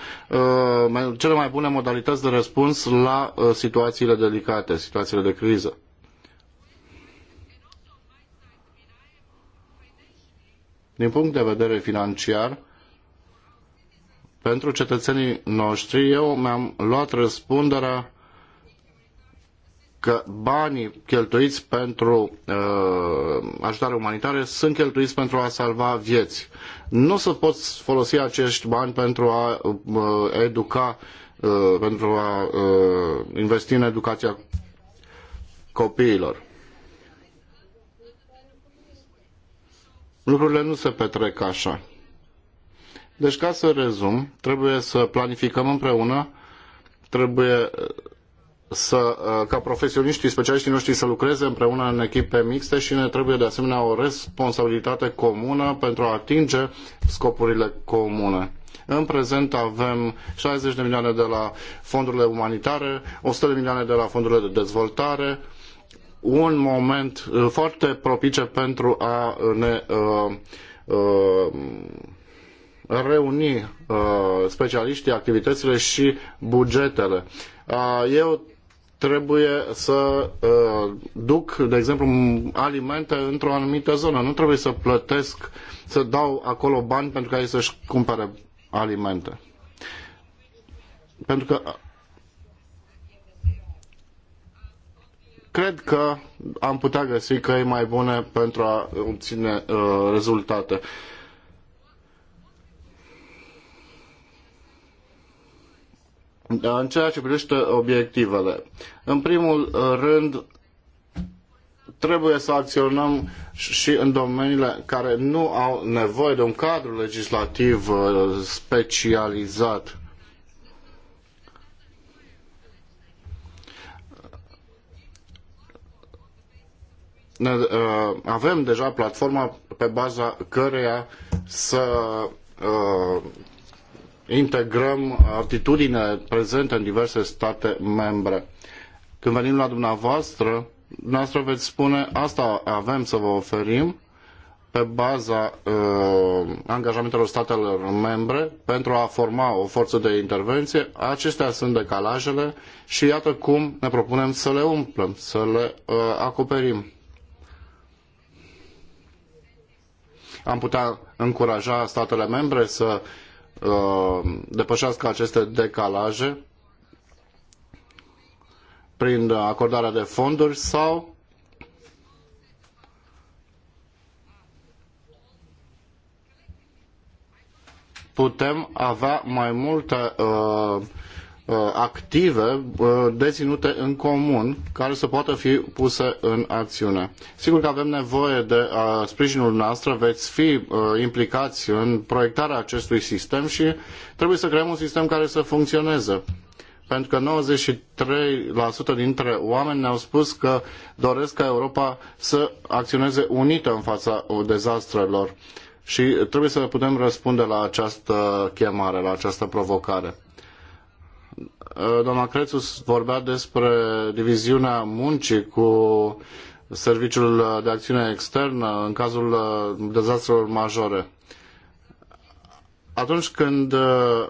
cele mai bune modalități de răspuns la situațiile delicate, situațiile de criză. din punct de vedere financiar, pentru cetățenii noștri, eu mi-am luat răspunderea că banii cheltuiți pentru uh, ajutare umanitare sunt cheltuiți pentru a salva vieți. Nu se pot folosi acești bani pentru a uh, educa, uh, pentru a uh, investi în educația copiilor. lucrurile nu se petrec așa. Deci, ca să rezum, trebuie să planificăm împreună, trebuie uh, să, uh, ca profesioniștii, specialiștii noștri să lucreze împreună în echipe mixte și ne trebuie de asemenea o responsabilitate comună pentru a atinge scopurile comune. În prezent avem 60 de milioane de la fondurile umanitare, 100 de milioane de la fondurile de dezvoltare, un moment uh, foarte propice pentru a ne uh, uh, reuni specialiștii, activitățile și bugetele. Eu trebuie să duc, de exemplu, alimente într-o anumită zonă. Nu trebuie să plătesc, să dau acolo bani pentru ca ei să-și cumpere alimente. Pentru că Cred că am putea găsi căi mai bune pentru a obține uh, rezultate. În ceea ce privește obiectivele, în primul rând, trebuie să acționăm și în domeniile care nu au nevoie de un cadru legislativ uh, specializat. ne, uh, avem deja platforma pe baza căreia să uh, integrăm atitudine prezente în diverse state membre. Când venim la dumneavoastră, dumneavoastră veți spune asta avem să vă oferim pe baza uh, angajamentelor statelor membre pentru a forma o forță de intervenție. Acestea sunt decalajele și iată cum ne propunem să le umplem, să le uh, acoperim. Am putea încuraja statele membre să uh, depășească aceste decalaje prin acordarea de fonduri sau putem avea mai multe uh, Uh, active uh, deținute în comun care să poată fi puse în acțiune. Sigur că avem nevoie de uh, sprijinul noastră, veți fi implicați în proiectarea acestui sistem și trebuie să creăm un sistem care să funcționeze. Pentru că 93% dintre oameni ne-au spus că doresc ca Europa să acționeze unită în fața dezastrelor. Și trebuie să putem răspunde la această chemare, la această provocare. Uh, doamna Crețu vorbea despre diviziunea muncii cu Serviciul de Acțiune Externă în cazul uh, dezastrelor majore. Atunci când uh,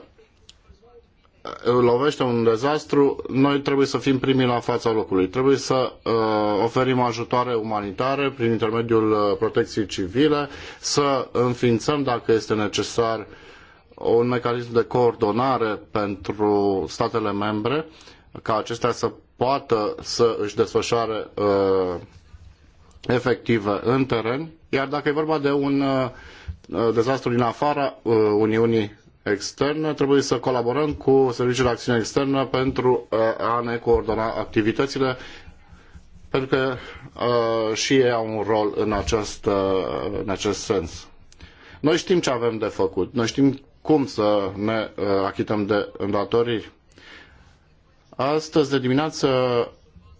lovește un dezastru, noi trebuie să fim primii la fața locului. Trebuie să uh, oferim ajutoare umanitare prin intermediul protecției civile, să înființăm, dacă este necesar, un mecanism de coordonare pentru statele membre ca acestea să poată să își desfășoare uh, efective în teren, iar dacă e vorba de un uh, dezastru din afara uh, Uniunii externe, trebuie să colaborăm cu Serviciul de Acțiune Externă pentru uh, a ne coordona activitățile, pentru că uh, și ei au un rol în acest, uh, în acest sens. Noi știm ce avem de făcut, noi știm cum să ne uh, achităm de îndatoriri. Astăzi de dimineață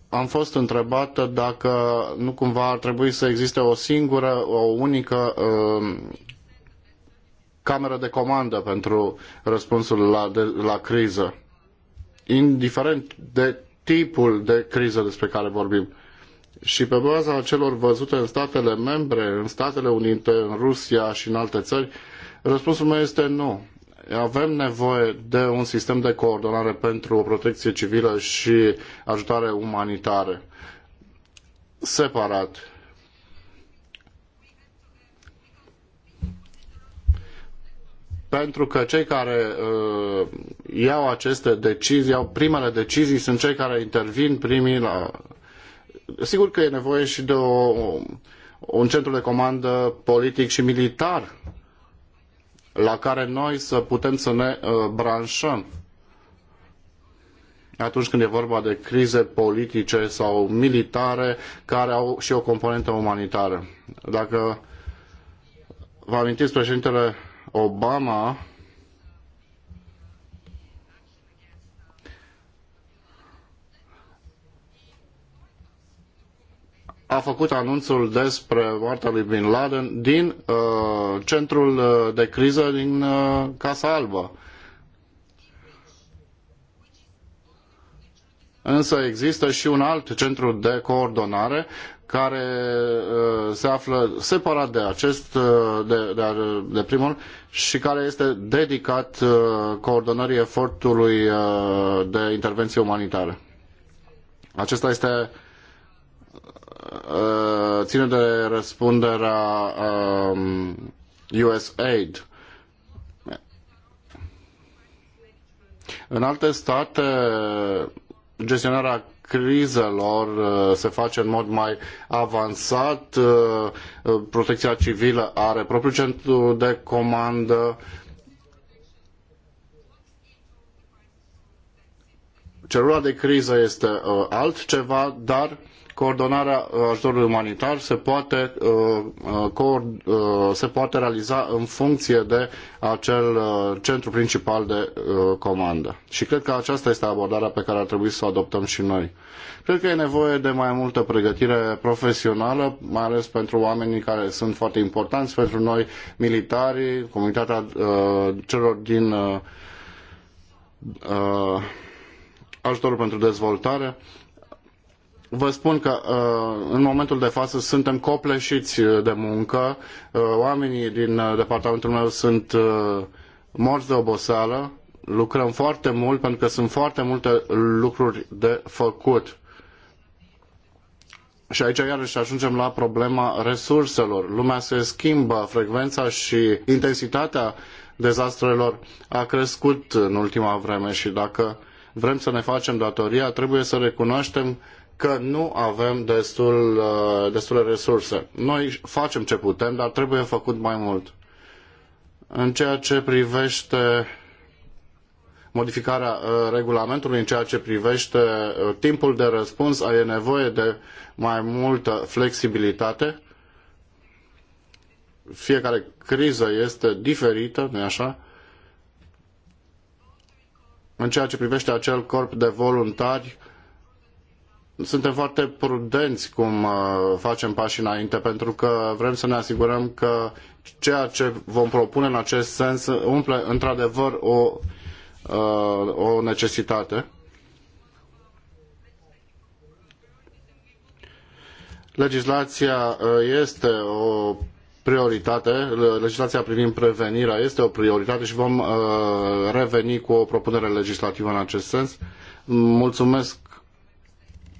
am fost întrebată dacă nu cumva ar trebui să existe o singură, o unică uh, cameră de comandă pentru răspunsul la, de, la criză, indiferent de tipul de criză despre care vorbim. Și pe baza celor văzute în statele membre, în Statele Unite, în Rusia și în alte țări, Răspunsul meu este nu. Avem nevoie de un sistem de coordonare pentru o protecție civilă și ajutare umanitare separat. pentru că cei care uh, iau aceste decizii, iau primele decizii, sunt cei care intervin primii la... Sigur că e nevoie și de o, un centru de comandă politic și militar la care noi să putem să ne uh, branșăm atunci când e vorba de crize politice sau militare care au și o componentă umanitară. Dacă vă amintiți, președintele Obama a făcut anunțul despre moartea lui Bin Laden din uh, centrul uh, de criză din uh, Casa Albă. Însă există și un alt centru de coordonare care uh, se află separat de acest, uh, de, de, de primul, și care este dedicat uh, coordonării efortului uh, de intervenție umanitară. Acesta este Uh, ține de răspunderea USAID. Um, în alte state, gestionarea crizelor uh, se face în mod mai avansat, uh, protecția civilă are propriul centru de comandă, celula de criză este altceva, dar coordonarea uh, ajutorului umanitar se poate, uh, uh, se poate realiza în funcție de acel centru principal de comandă. Și cred că aceasta este abordarea pe care ar trebui să o adoptăm și noi. Cred că e nevoie de mai multă pregătire profesională, mai ales pentru oamenii care sunt foarte importanți pentru noi, militarii, comunitatea celor din ajutorul pentru dezvoltare. Vă spun că uh, în momentul de față suntem copleșiți uh, de muncă. Uh, oamenii din departamentul meu sunt morți de oboseală. Lucrăm foarte mult pentru că sunt foarte multe lucruri de făcut. Și aici iarăși ajungem la problema resurselor. Lumea se schimbă, frecvența și intensitatea dezastrelor a crescut în ultima vreme și dacă vrem să ne facem datoria, trebuie să recunoaștem că nu avem destul, uh, destule resurse. Noi facem ce putem, dar trebuie făcut mai mult. În ceea ce privește modificarea uh, regulamentului, în ceea ce privește uh, timpul de răspuns, e nevoie de mai multă flexibilitate. Fiecare criză este diferită, nu așa? În ceea ce privește acel corp de voluntari, suntem foarte prudenți cum uh, facem pași înainte, pentru că vrem să ne asigurăm că ceea ce vom propune în acest sens umple într-adevăr o, uh, o necesitate. Legislația uh, este o prioritate, legislația privind prevenirea este o prioritate și vom reveni cu o propunere legislativă în acest sens. Mulțumesc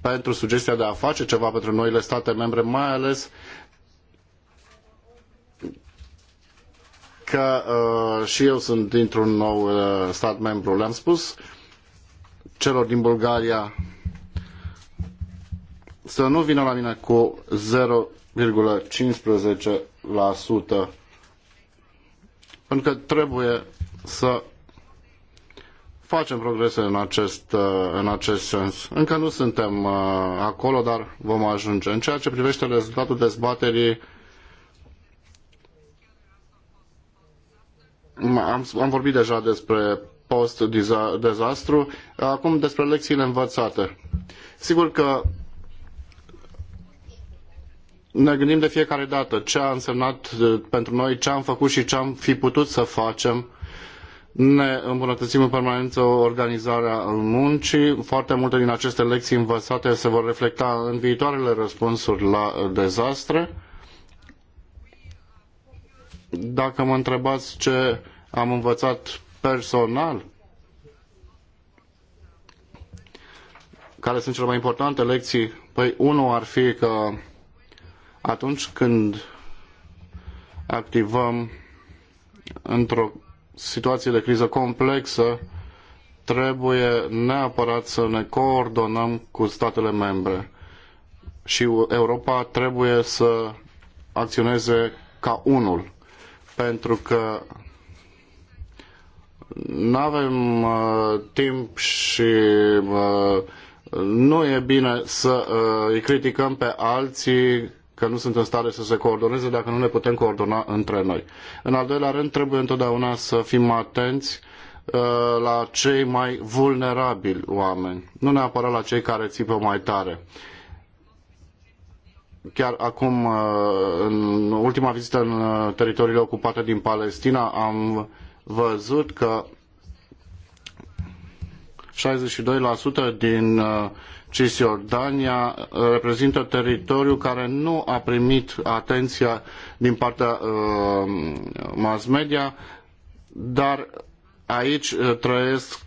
pentru sugestia de a face ceva pentru noile state membre, mai ales că uh, și eu sunt dintr-un nou uh, stat membru. Le-am spus celor din Bulgaria să nu vină la mine cu 0,15% pentru că trebuie să facem progrese în acest, uh, în acest sens. Încă nu suntem uh, acolo, dar vom ajunge. În ceea ce privește rezultatul dezbaterii, am, am vorbit deja despre post-dezastru, acum despre lecțiile învățate. Sigur că ne gândim de fiecare dată ce a însemnat uh, pentru noi, ce am făcut și ce am fi putut să facem ne îmbunătățim în permanență organizarea muncii. Foarte multe din aceste lecții învățate se vor reflecta în viitoarele răspunsuri la dezastre. Dacă mă întrebați ce am învățat personal, care sunt cele mai importante lecții, păi unul ar fi că atunci când activăm într-o situații de criză complexă, trebuie neapărat să ne coordonăm cu statele membre și Europa trebuie să acționeze ca unul, pentru că nu avem uh, timp și uh, nu e bine să uh, îi criticăm pe alții că nu sunt în stare să se coordoneze dacă nu ne putem coordona între noi. În al doilea rând, trebuie întotdeauna să fim atenți uh, la cei mai vulnerabili oameni, nu neapărat la cei care țipă mai tare. Chiar acum, uh, în ultima vizită în uh, teritoriile ocupate din Palestina, am văzut că 62% din Cisjordania uh, reprezintă teritoriu care nu a primit atenția din partea uh, mass media, dar aici uh, trăiesc,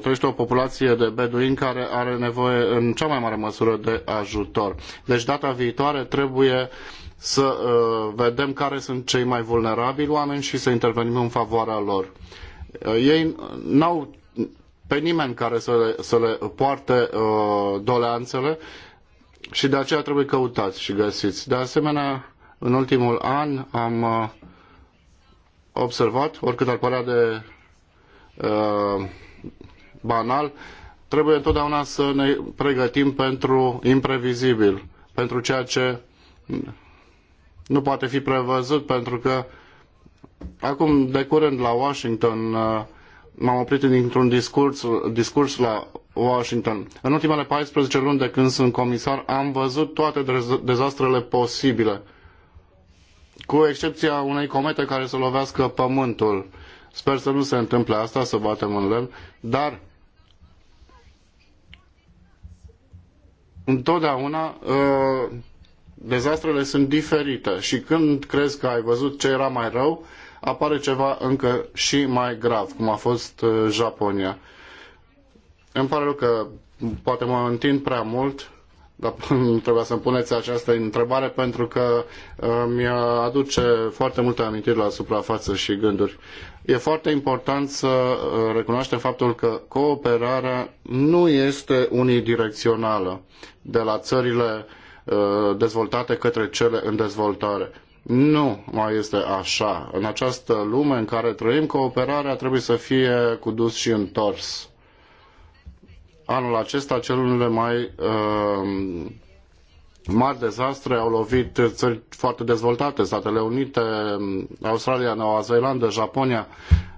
trăiește o populație de beduini care are nevoie în cea mai mare măsură de ajutor. Deci data viitoare trebuie să vedem care sunt cei mai vulnerabili oameni și să intervenim în favoarea lor. Ei n-au pe nimeni care să le, să le poarte uh, doleanțele și de aceea trebuie căutați și găsiți. De asemenea, în ultimul an am uh, observat, oricât ar părea de uh, banal, trebuie întotdeauna să ne pregătim pentru imprevizibil, pentru ceea ce nu poate fi prevăzut, pentru că acum, de curând, la Washington, uh, m-am oprit dintr-un discurs, discurs la Washington. În ultimele 14 luni de când sunt comisar, am văzut toate dezastrele posibile, cu excepția unei comete care să lovească pământul. Sper să nu se întâmple asta, să batem în lemn, dar întotdeauna uh, dezastrele sunt diferite și când crezi că ai văzut ce era mai rău, apare ceva încă și mai grav, cum a fost uh, Japonia. Îmi pare rău că poate mă întind prea mult, dar trebuia să-mi puneți această întrebare pentru că uh, mi-aduce foarte multe amintiri la suprafață și gânduri. E foarte important să uh, recunoaștem faptul că cooperarea nu este unidirecțională de la țările dezvoltate către cele în dezvoltare. Nu mai este așa. În această lume în care trăim, cooperarea trebuie să fie cu dus și întors. Anul acesta, celulele mai uh, mari dezastre au lovit țări foarte dezvoltate, Statele Unite, Australia, Noua Zeelandă, Japonia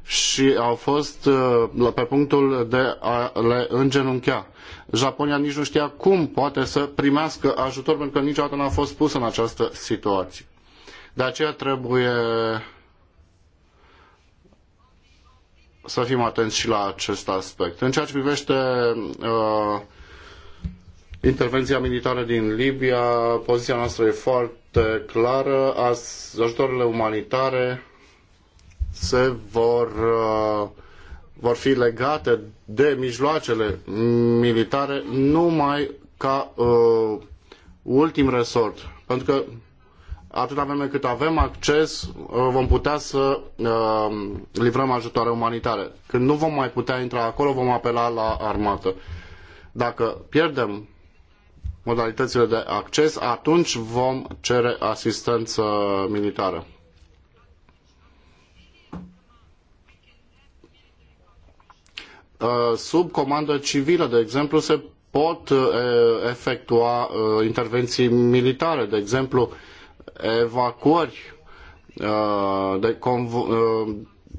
și au fost uh, pe punctul de a le îngenunchea. Japonia nici nu știa cum poate să primească ajutor pentru că niciodată n-a fost pusă în această situație. De aceea trebuie să fim atenți și la acest aspect. În ceea ce privește uh, intervenția militară din Libia, poziția noastră e foarte clară. As, ajutoarele umanitare se vor, uh, vor fi legate de mijloacele militare numai ca uh, ultim resort. Pentru că atâta vreme cât avem acces, uh, vom putea să uh, livrăm ajutoare umanitare. Când nu vom mai putea intra acolo, vom apela la armată. Dacă pierdem modalitățile de acces, atunci vom cere asistență militară. Uh, sub comandă civilă, de exemplu, se pot efectua intervenții militare, de exemplu, evacuări uh, de, convo- uh,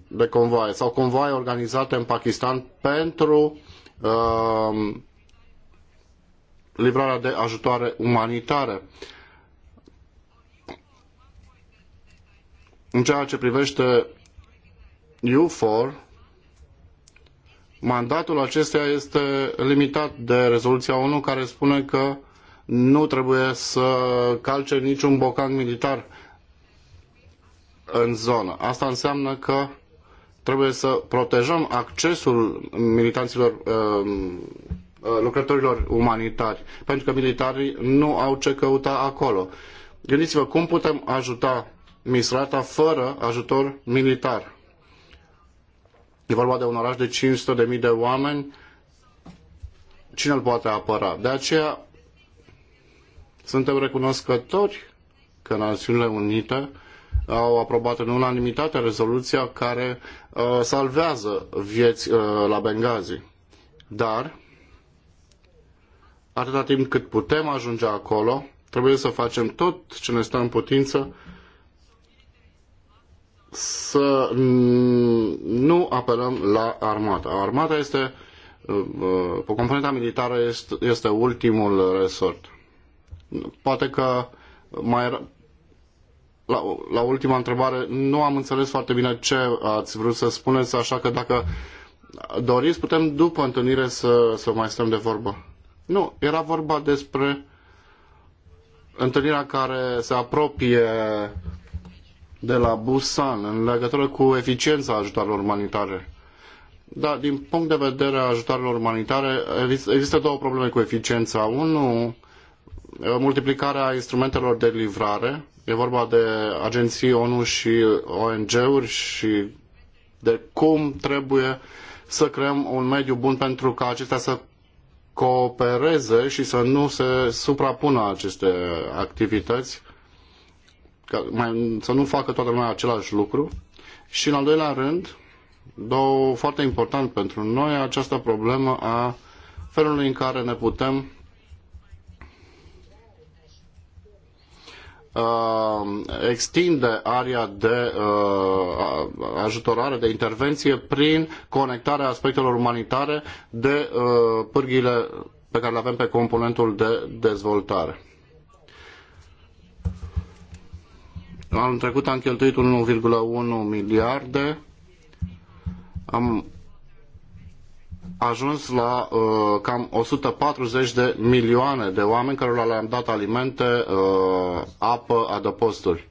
de convoaie sau convoaie organizate în Pakistan pentru uh, livrarea de ajutoare umanitare. În ceea ce privește UFOR, mandatul acesteia este limitat de rezoluția ONU care spune că nu trebuie să calce niciun bocan militar în zonă. Asta înseamnă că trebuie să protejăm accesul militanților ehm, eh, lucrătorilor umanitari, pentru că militarii nu au ce căuta acolo. Gândiți-vă cum putem ajuta Misrata fără ajutor militar. E vorba de un oraș de 500.000 de oameni. Cine îl poate apăra? De aceea suntem recunoscători că Națiunile Unite au aprobat în unanimitate rezoluția care uh, salvează vieți uh, la Benghazi. Dar, atâta timp cât putem ajunge acolo, trebuie să facem tot ce ne stă în putință să nu apelăm la armată. Armata este, uh, uh componenta militară este, este ultimul resort. Poate că mai era... la, la ultima întrebare nu am înțeles foarte bine ce ați vrut să spuneți, așa că dacă doriți, putem după întâlnire să, să mai stăm de vorbă. Nu, era vorba despre întâlnirea care se apropie de la Busan în legătură cu eficiența ajutoarelor umanitare. Da, din punct de vedere a ajutoarelor umanitare există două probleme cu eficiența. Unul Eh, multiplicarea instrumentelor de livrare. E vorba de agenții ONU și ONG-uri și de cum trebuie să creăm un mediu bun pentru ca acestea să coopereze și să nu se suprapună aceste activități, să nu facă toată lumea același lucru. Și în al doilea rând, două foarte important pentru noi, această problemă a felului în care ne putem Uh, extinde aria de uh, ajutorare, de intervenție prin conectarea aspectelor umanitare de uh, pârghile pe care le avem pe componentul de dezvoltare. Anul trecut am cheltuit 1,1 miliarde. Am ajuns la uh, cam 140 de milioane de oameni care le-am dat alimente, uh, apă, adăposturi.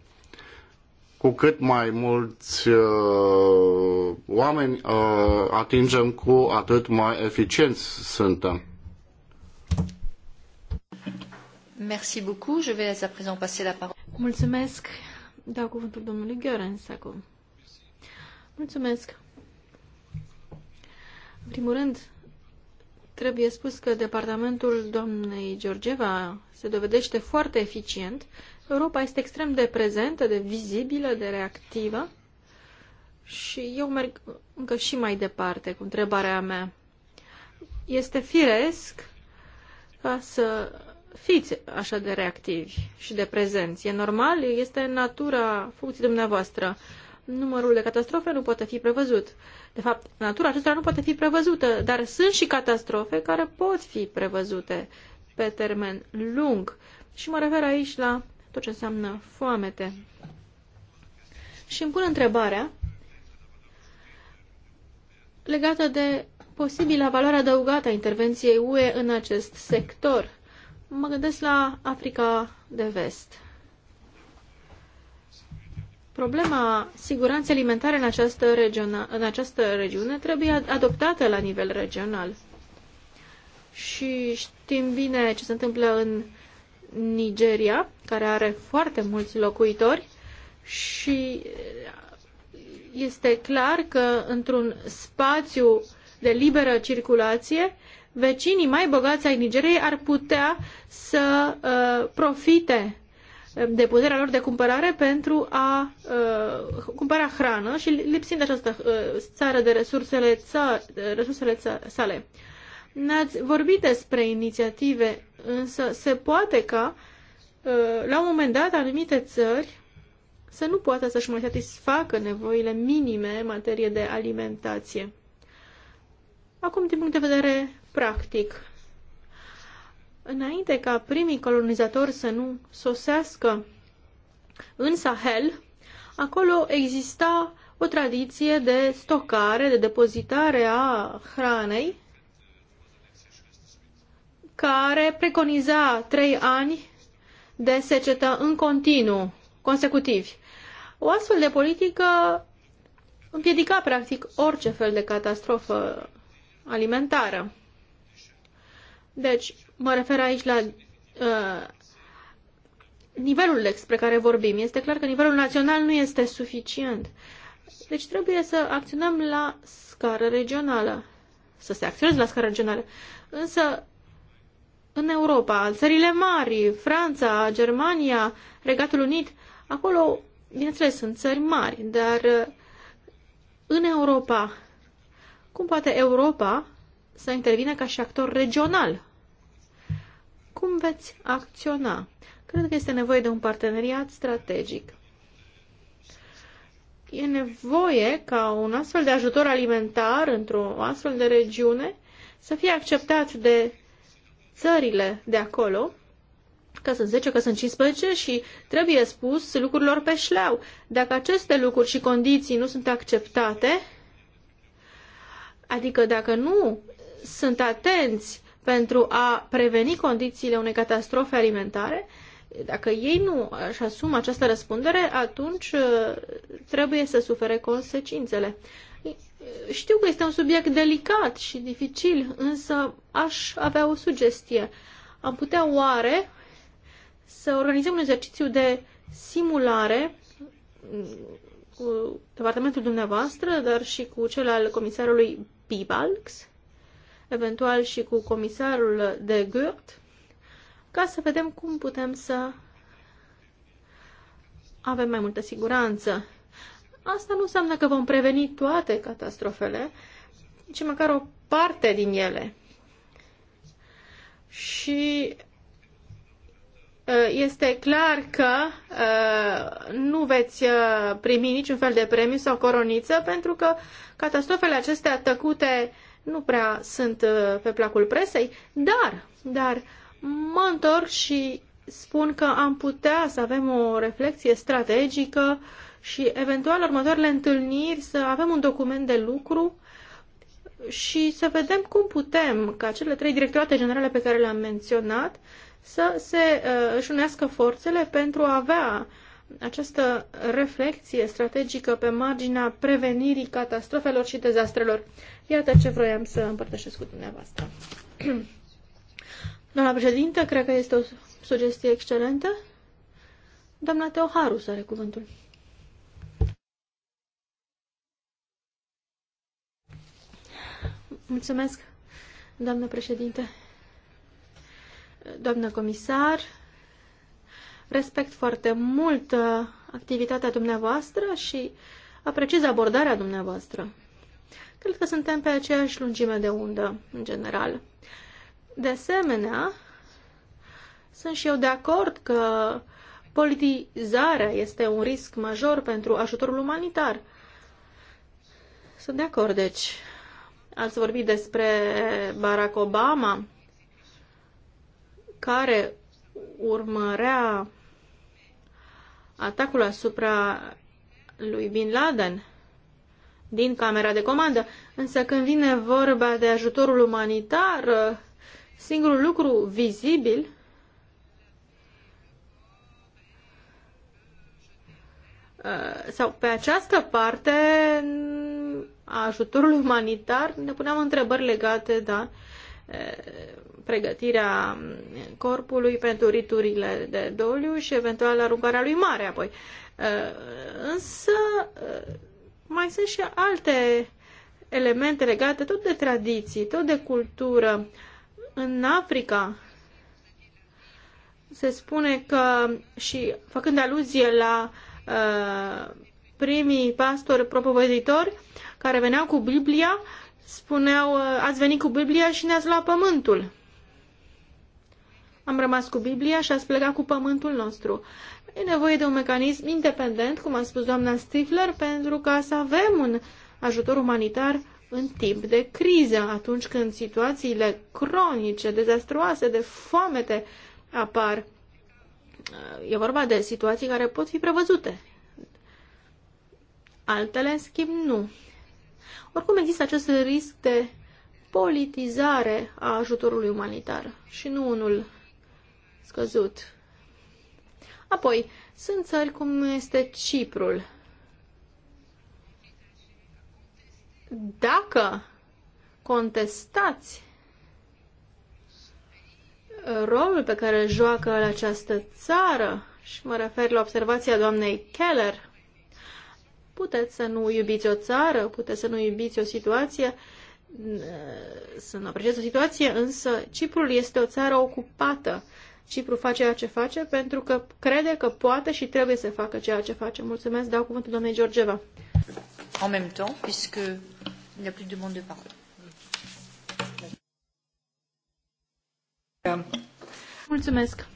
Cu cât mai mulți uh, oameni uh, atingem, cu atât mai eficienți suntem. Merci beaucoup. Je vais à présent passer la parole. Mulțumesc. Dau cuvântul domnului Görens acum. Mulțumesc primul rând, trebuie spus că departamentul doamnei Georgeva se dovedește foarte eficient. Europa este extrem de prezentă, de vizibilă, de reactivă și eu merg încă și mai departe cu întrebarea mea. Este firesc ca să fiți așa de reactivi și de prezenți. E normal? Este natura funcției dumneavoastră. Uh, numărul de catastrofe nu poate fi prevăzut. De fapt, natura acestora nu poate fi prevăzută, dar sunt și catastrofe care pot fi prevăzute pe termen lung. Și mă refer aici la tot ce înseamnă foamete. Și îmi pun întrebarea legată de posibilă valoare adăugată a intervenției UE în acest sector. Mă gândesc la Africa de Vest. Problema siguranței alimentare în această, regiona, în această regiune trebuie adoptată la nivel regional. Și știm bine ce se întâmplă în Nigeria, care are foarte mulți locuitori și este clar că într-un spațiu de liberă circulație, vecinii mai bogați ai Nigeriei ar putea să uh, profite de puterea lor de cumpărare pentru a uh, cumpăra hrană și lipsind această uh, țară de resursele, ța, resursele ța, sale. Ne-ați vorbit despre inițiative, însă se poate ca uh, la un moment dat anumite țări să nu poată să-și mai satisfacă nevoile minime în materie de alimentație. Acum, din punct de vedere practic, înainte ca primii colonizatori să nu sosească în Sahel, acolo exista o tradiție de stocare, de depozitare a hranei, care preconiza trei ani de secetă în continuu, consecutivi. O astfel de politică împiedica practic orice fel de catastrofă alimentară. Deci, Mă refer aici la uh, nivelul despre care vorbim. Este clar că nivelul național nu este suficient. Deci trebuie să acționăm la scară regională. Să se acționeze la scară regională. Însă, în Europa, țările mari, Franța, Germania, Regatul Unit, acolo, bineînțeles, sunt țări mari, dar uh, în Europa, cum poate Europa să intervine ca și actor regional cum veți acționa? Cred că este nevoie de un parteneriat strategic. E nevoie ca un astfel de ajutor alimentar într-o astfel de regiune să fie acceptat de țările de acolo, că sunt 10, că sunt 15 și trebuie spus lucrurilor pe șleau. Dacă aceste lucruri și condiții nu sunt acceptate, adică dacă nu sunt atenți pentru a preveni condițiile unei catastrofe alimentare, dacă ei nu își asumă această răspundere, atunci uh, trebuie să sufere consecințele. Știu că este un subiect delicat și dificil, însă aș avea o sugestie. Am putea oare să organizăm un exercițiu de simulare cu departamentul dumneavoastră, dar și cu cel al comisarului Bibalx, eventual și cu comisarul de Gurt, ca să vedem cum putem să avem mai multă siguranță. Asta nu înseamnă că vom preveni toate catastrofele, ci măcar o parte din ele. Și este clar că nu veți primi niciun fel de premiu sau coroniță pentru că catastrofele acestea tăcute nu prea sunt uh, pe placul presei, dar, dar mă întorc și spun că am putea să avem o reflexie strategică și eventual următoarele întâlniri să avem un document de lucru și să vedem cum putem ca cele trei directorate generale pe care le-am menționat să se uh, își unească forțele pentru a avea uh, această reflexie strategică pe marginea prevenirii catastrofelor și dezastrelor. Iată ce vroiam să împărtășesc cu dumneavoastră. Doamna președintă, cred că este o sugestie excelentă. Doamna Teoharu să are cuvântul. Mulțumesc, doamnă președinte. Doamnă comisar, Respect foarte mult uh, activitatea dumneavoastră și apreciez abordarea dumneavoastră. Cred că suntem pe aceeași lungime de undă, în general. De asemenea, sunt și eu de acord că politizarea este un risc major pentru ajutorul umanitar. Sunt de acord, deci. Ați vorbit despre Barack Obama, care urmărea atacul asupra lui Bin Laden din camera de comandă. Însă când vine vorba de ajutorul umanitar, singurul lucru vizibil sau pe această parte a ajutorului umanitar ne puneam întrebări legate, da, pregătirea corpului pentru riturile de doliu și eventual aruncarea lui mare apoi. Uh, însă uh, mai sunt și alte elemente legate tot de tradiții, tot de cultură. În Africa se spune că și făcând aluzie la uh, primii pastori propovăditori care veneau cu Biblia, spuneau, uh, ați venit cu Biblia și ne-ați luat pământul am rămas cu Biblia și ați plecat cu pământul nostru. E nevoie de un mecanism independent, cum a spus doamna Stifler, pentru ca să avem un ajutor umanitar în timp de criză, atunci când situațiile cronice, dezastruoase, de foamete apar. E vorba de situații care pot fi prevăzute. Altele, în schimb, nu. Oricum există acest risc de politizare a ajutorului umanitar și nu unul scăzut. Apoi, sunt țări cum este Ciprul. Dacă contestați rolul pe care îl joacă această țară, și mă refer la observația doamnei Keller, puteți să nu iubiți o țară, puteți să nu iubiți o situație, să nu apreciați o situație, însă Ciprul este o țară ocupată Cipru face ceea ce face pentru că crede că poate și trebuie să facă ceea ce face. Mulțumesc, dau cuvântul doamnei Georgeva. En même temps, puisque il n'y a plus de demande de parole. Mulțumesc.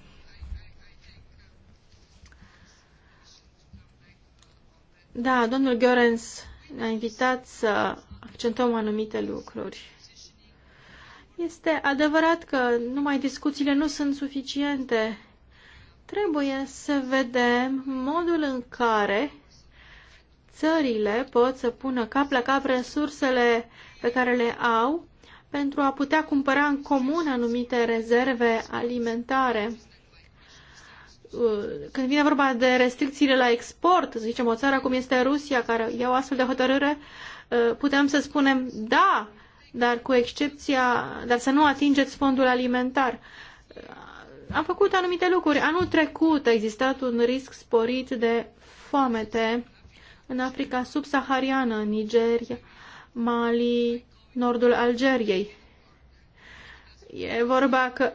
Da, domnul Görens ne-a invitat să accentuăm anumite lucruri. Este adevărat că numai discuțiile nu sunt suficiente. Trebuie să vedem modul în care țările pot să pună cap la cap resursele pe care le au pentru a putea cumpăra în comun anumite rezerve alimentare. Când vine vorba de restricțiile la export, zicem o țară cum este Rusia, care ia o astfel de hotărâre, putem să spunem, da, dar cu excepția, dar să nu atingeți fondul alimentar. Am făcut anumite lucruri. Anul trecut a existat un risc sporit de foamete în Africa subsahariană, în Nigeria, Mali, nordul Algeriei. E vorba, că,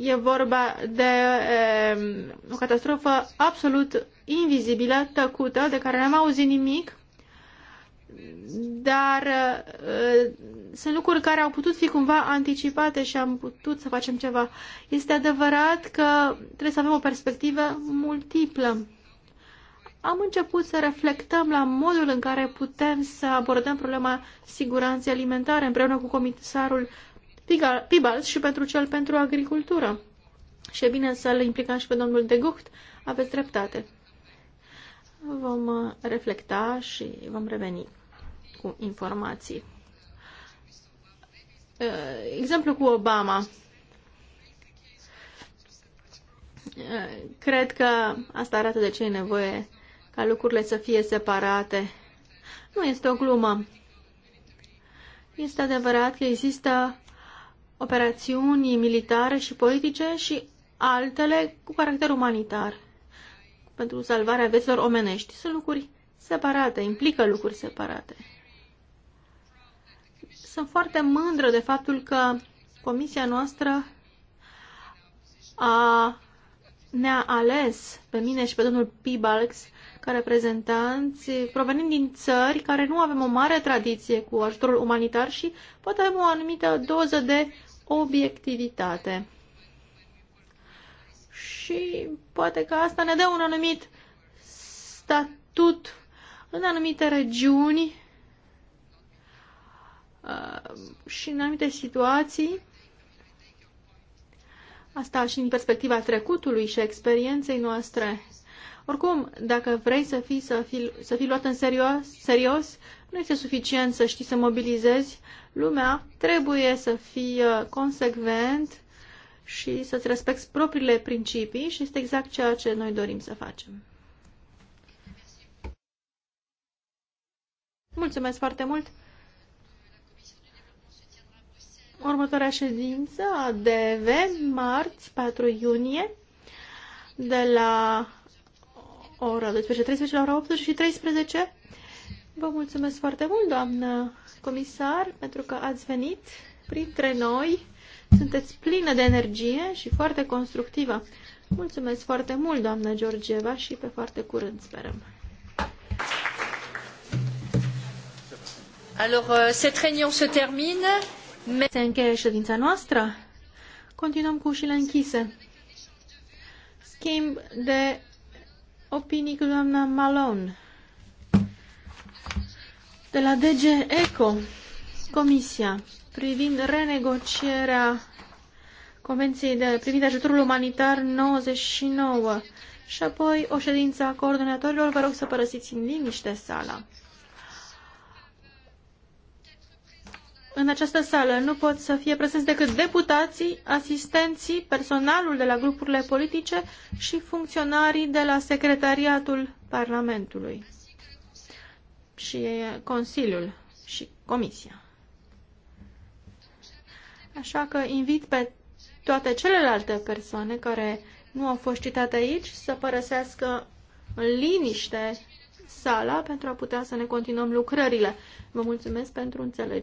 e, e vorba de e, um, o catastrofă absolut invizibilă, tăcută, de care n-am auzit nimic dar uh, sunt lucruri care au putut fi cumva anticipate și am putut să facem ceva. Este adevărat că trebuie să avem o perspectivă multiplă. Am început să reflectăm la modul în care putem să abordăm problema siguranței alimentare împreună cu comisarul Pibals și pentru cel pentru agricultură. Și e bine să-l implicăm și pe domnul de Gucht. Aveți dreptate. Vom uh, reflecta și vom reveni cu informații. Exemplu cu Obama. Cred că asta arată de ce e nevoie ca lucrurile să fie separate. Nu este o glumă. Este adevărat că există operațiuni militare și politice și altele cu caracter umanitar pentru salvarea vieților omenești. Sunt lucruri separate, implică lucruri separate. Sunt foarte mândră de faptul că comisia noastră a, ne-a ales pe mine și pe domnul Pibalx ca reprezentanți provenind din țări care nu avem o mare tradiție cu ajutorul umanitar și poate avem o anumită doză de obiectivitate. Și poate că asta ne dă un anumit statut în anumite regiuni Uh, și în anumite situații, asta și în perspectiva trecutului și experienței noastre, oricum, dacă vrei să fii, să fii, să fii luat în serios, serios, nu este suficient să știi să mobilizezi lumea, trebuie să fii uh, consecvent și să-ți respecti propriile principii și este exact ceea ce noi dorim să facem. Mulțumesc foarte mult! Următoarea ședință DV, marți, 4 iunie, de la ora 12.13 la ora 18.13. Vă mulțumesc foarte mult, doamnă comisar, pentru că ați venit printre noi. Sunteți plină de energie și foarte constructivă. Mulțumesc foarte mult, doamnă Georgieva, și pe foarte curând, sperăm. Alors, euh, cette réunion se termine. Se încheie ședința noastră. Continuăm cu ușile închise. Schimb de opinii cu doamna Malone de la DG ECO, Comisia, privind renegocierea Convenției de privind ajutorul umanitar 99 și apoi o ședință a coordonatorilor. Vă rog să părăsiți în liniște sala. în această sală nu pot să fie prezenți decât deputații, asistenții, personalul de la grupurile politice și funcționarii de la Secretariatul Parlamentului și Consiliul și Comisia. Așa că invit pe toate celelalte persoane care nu au fost citate aici să părăsească în liniște sala pentru a putea să ne continuăm lucrările. Vă mulțumesc pentru înțelegere.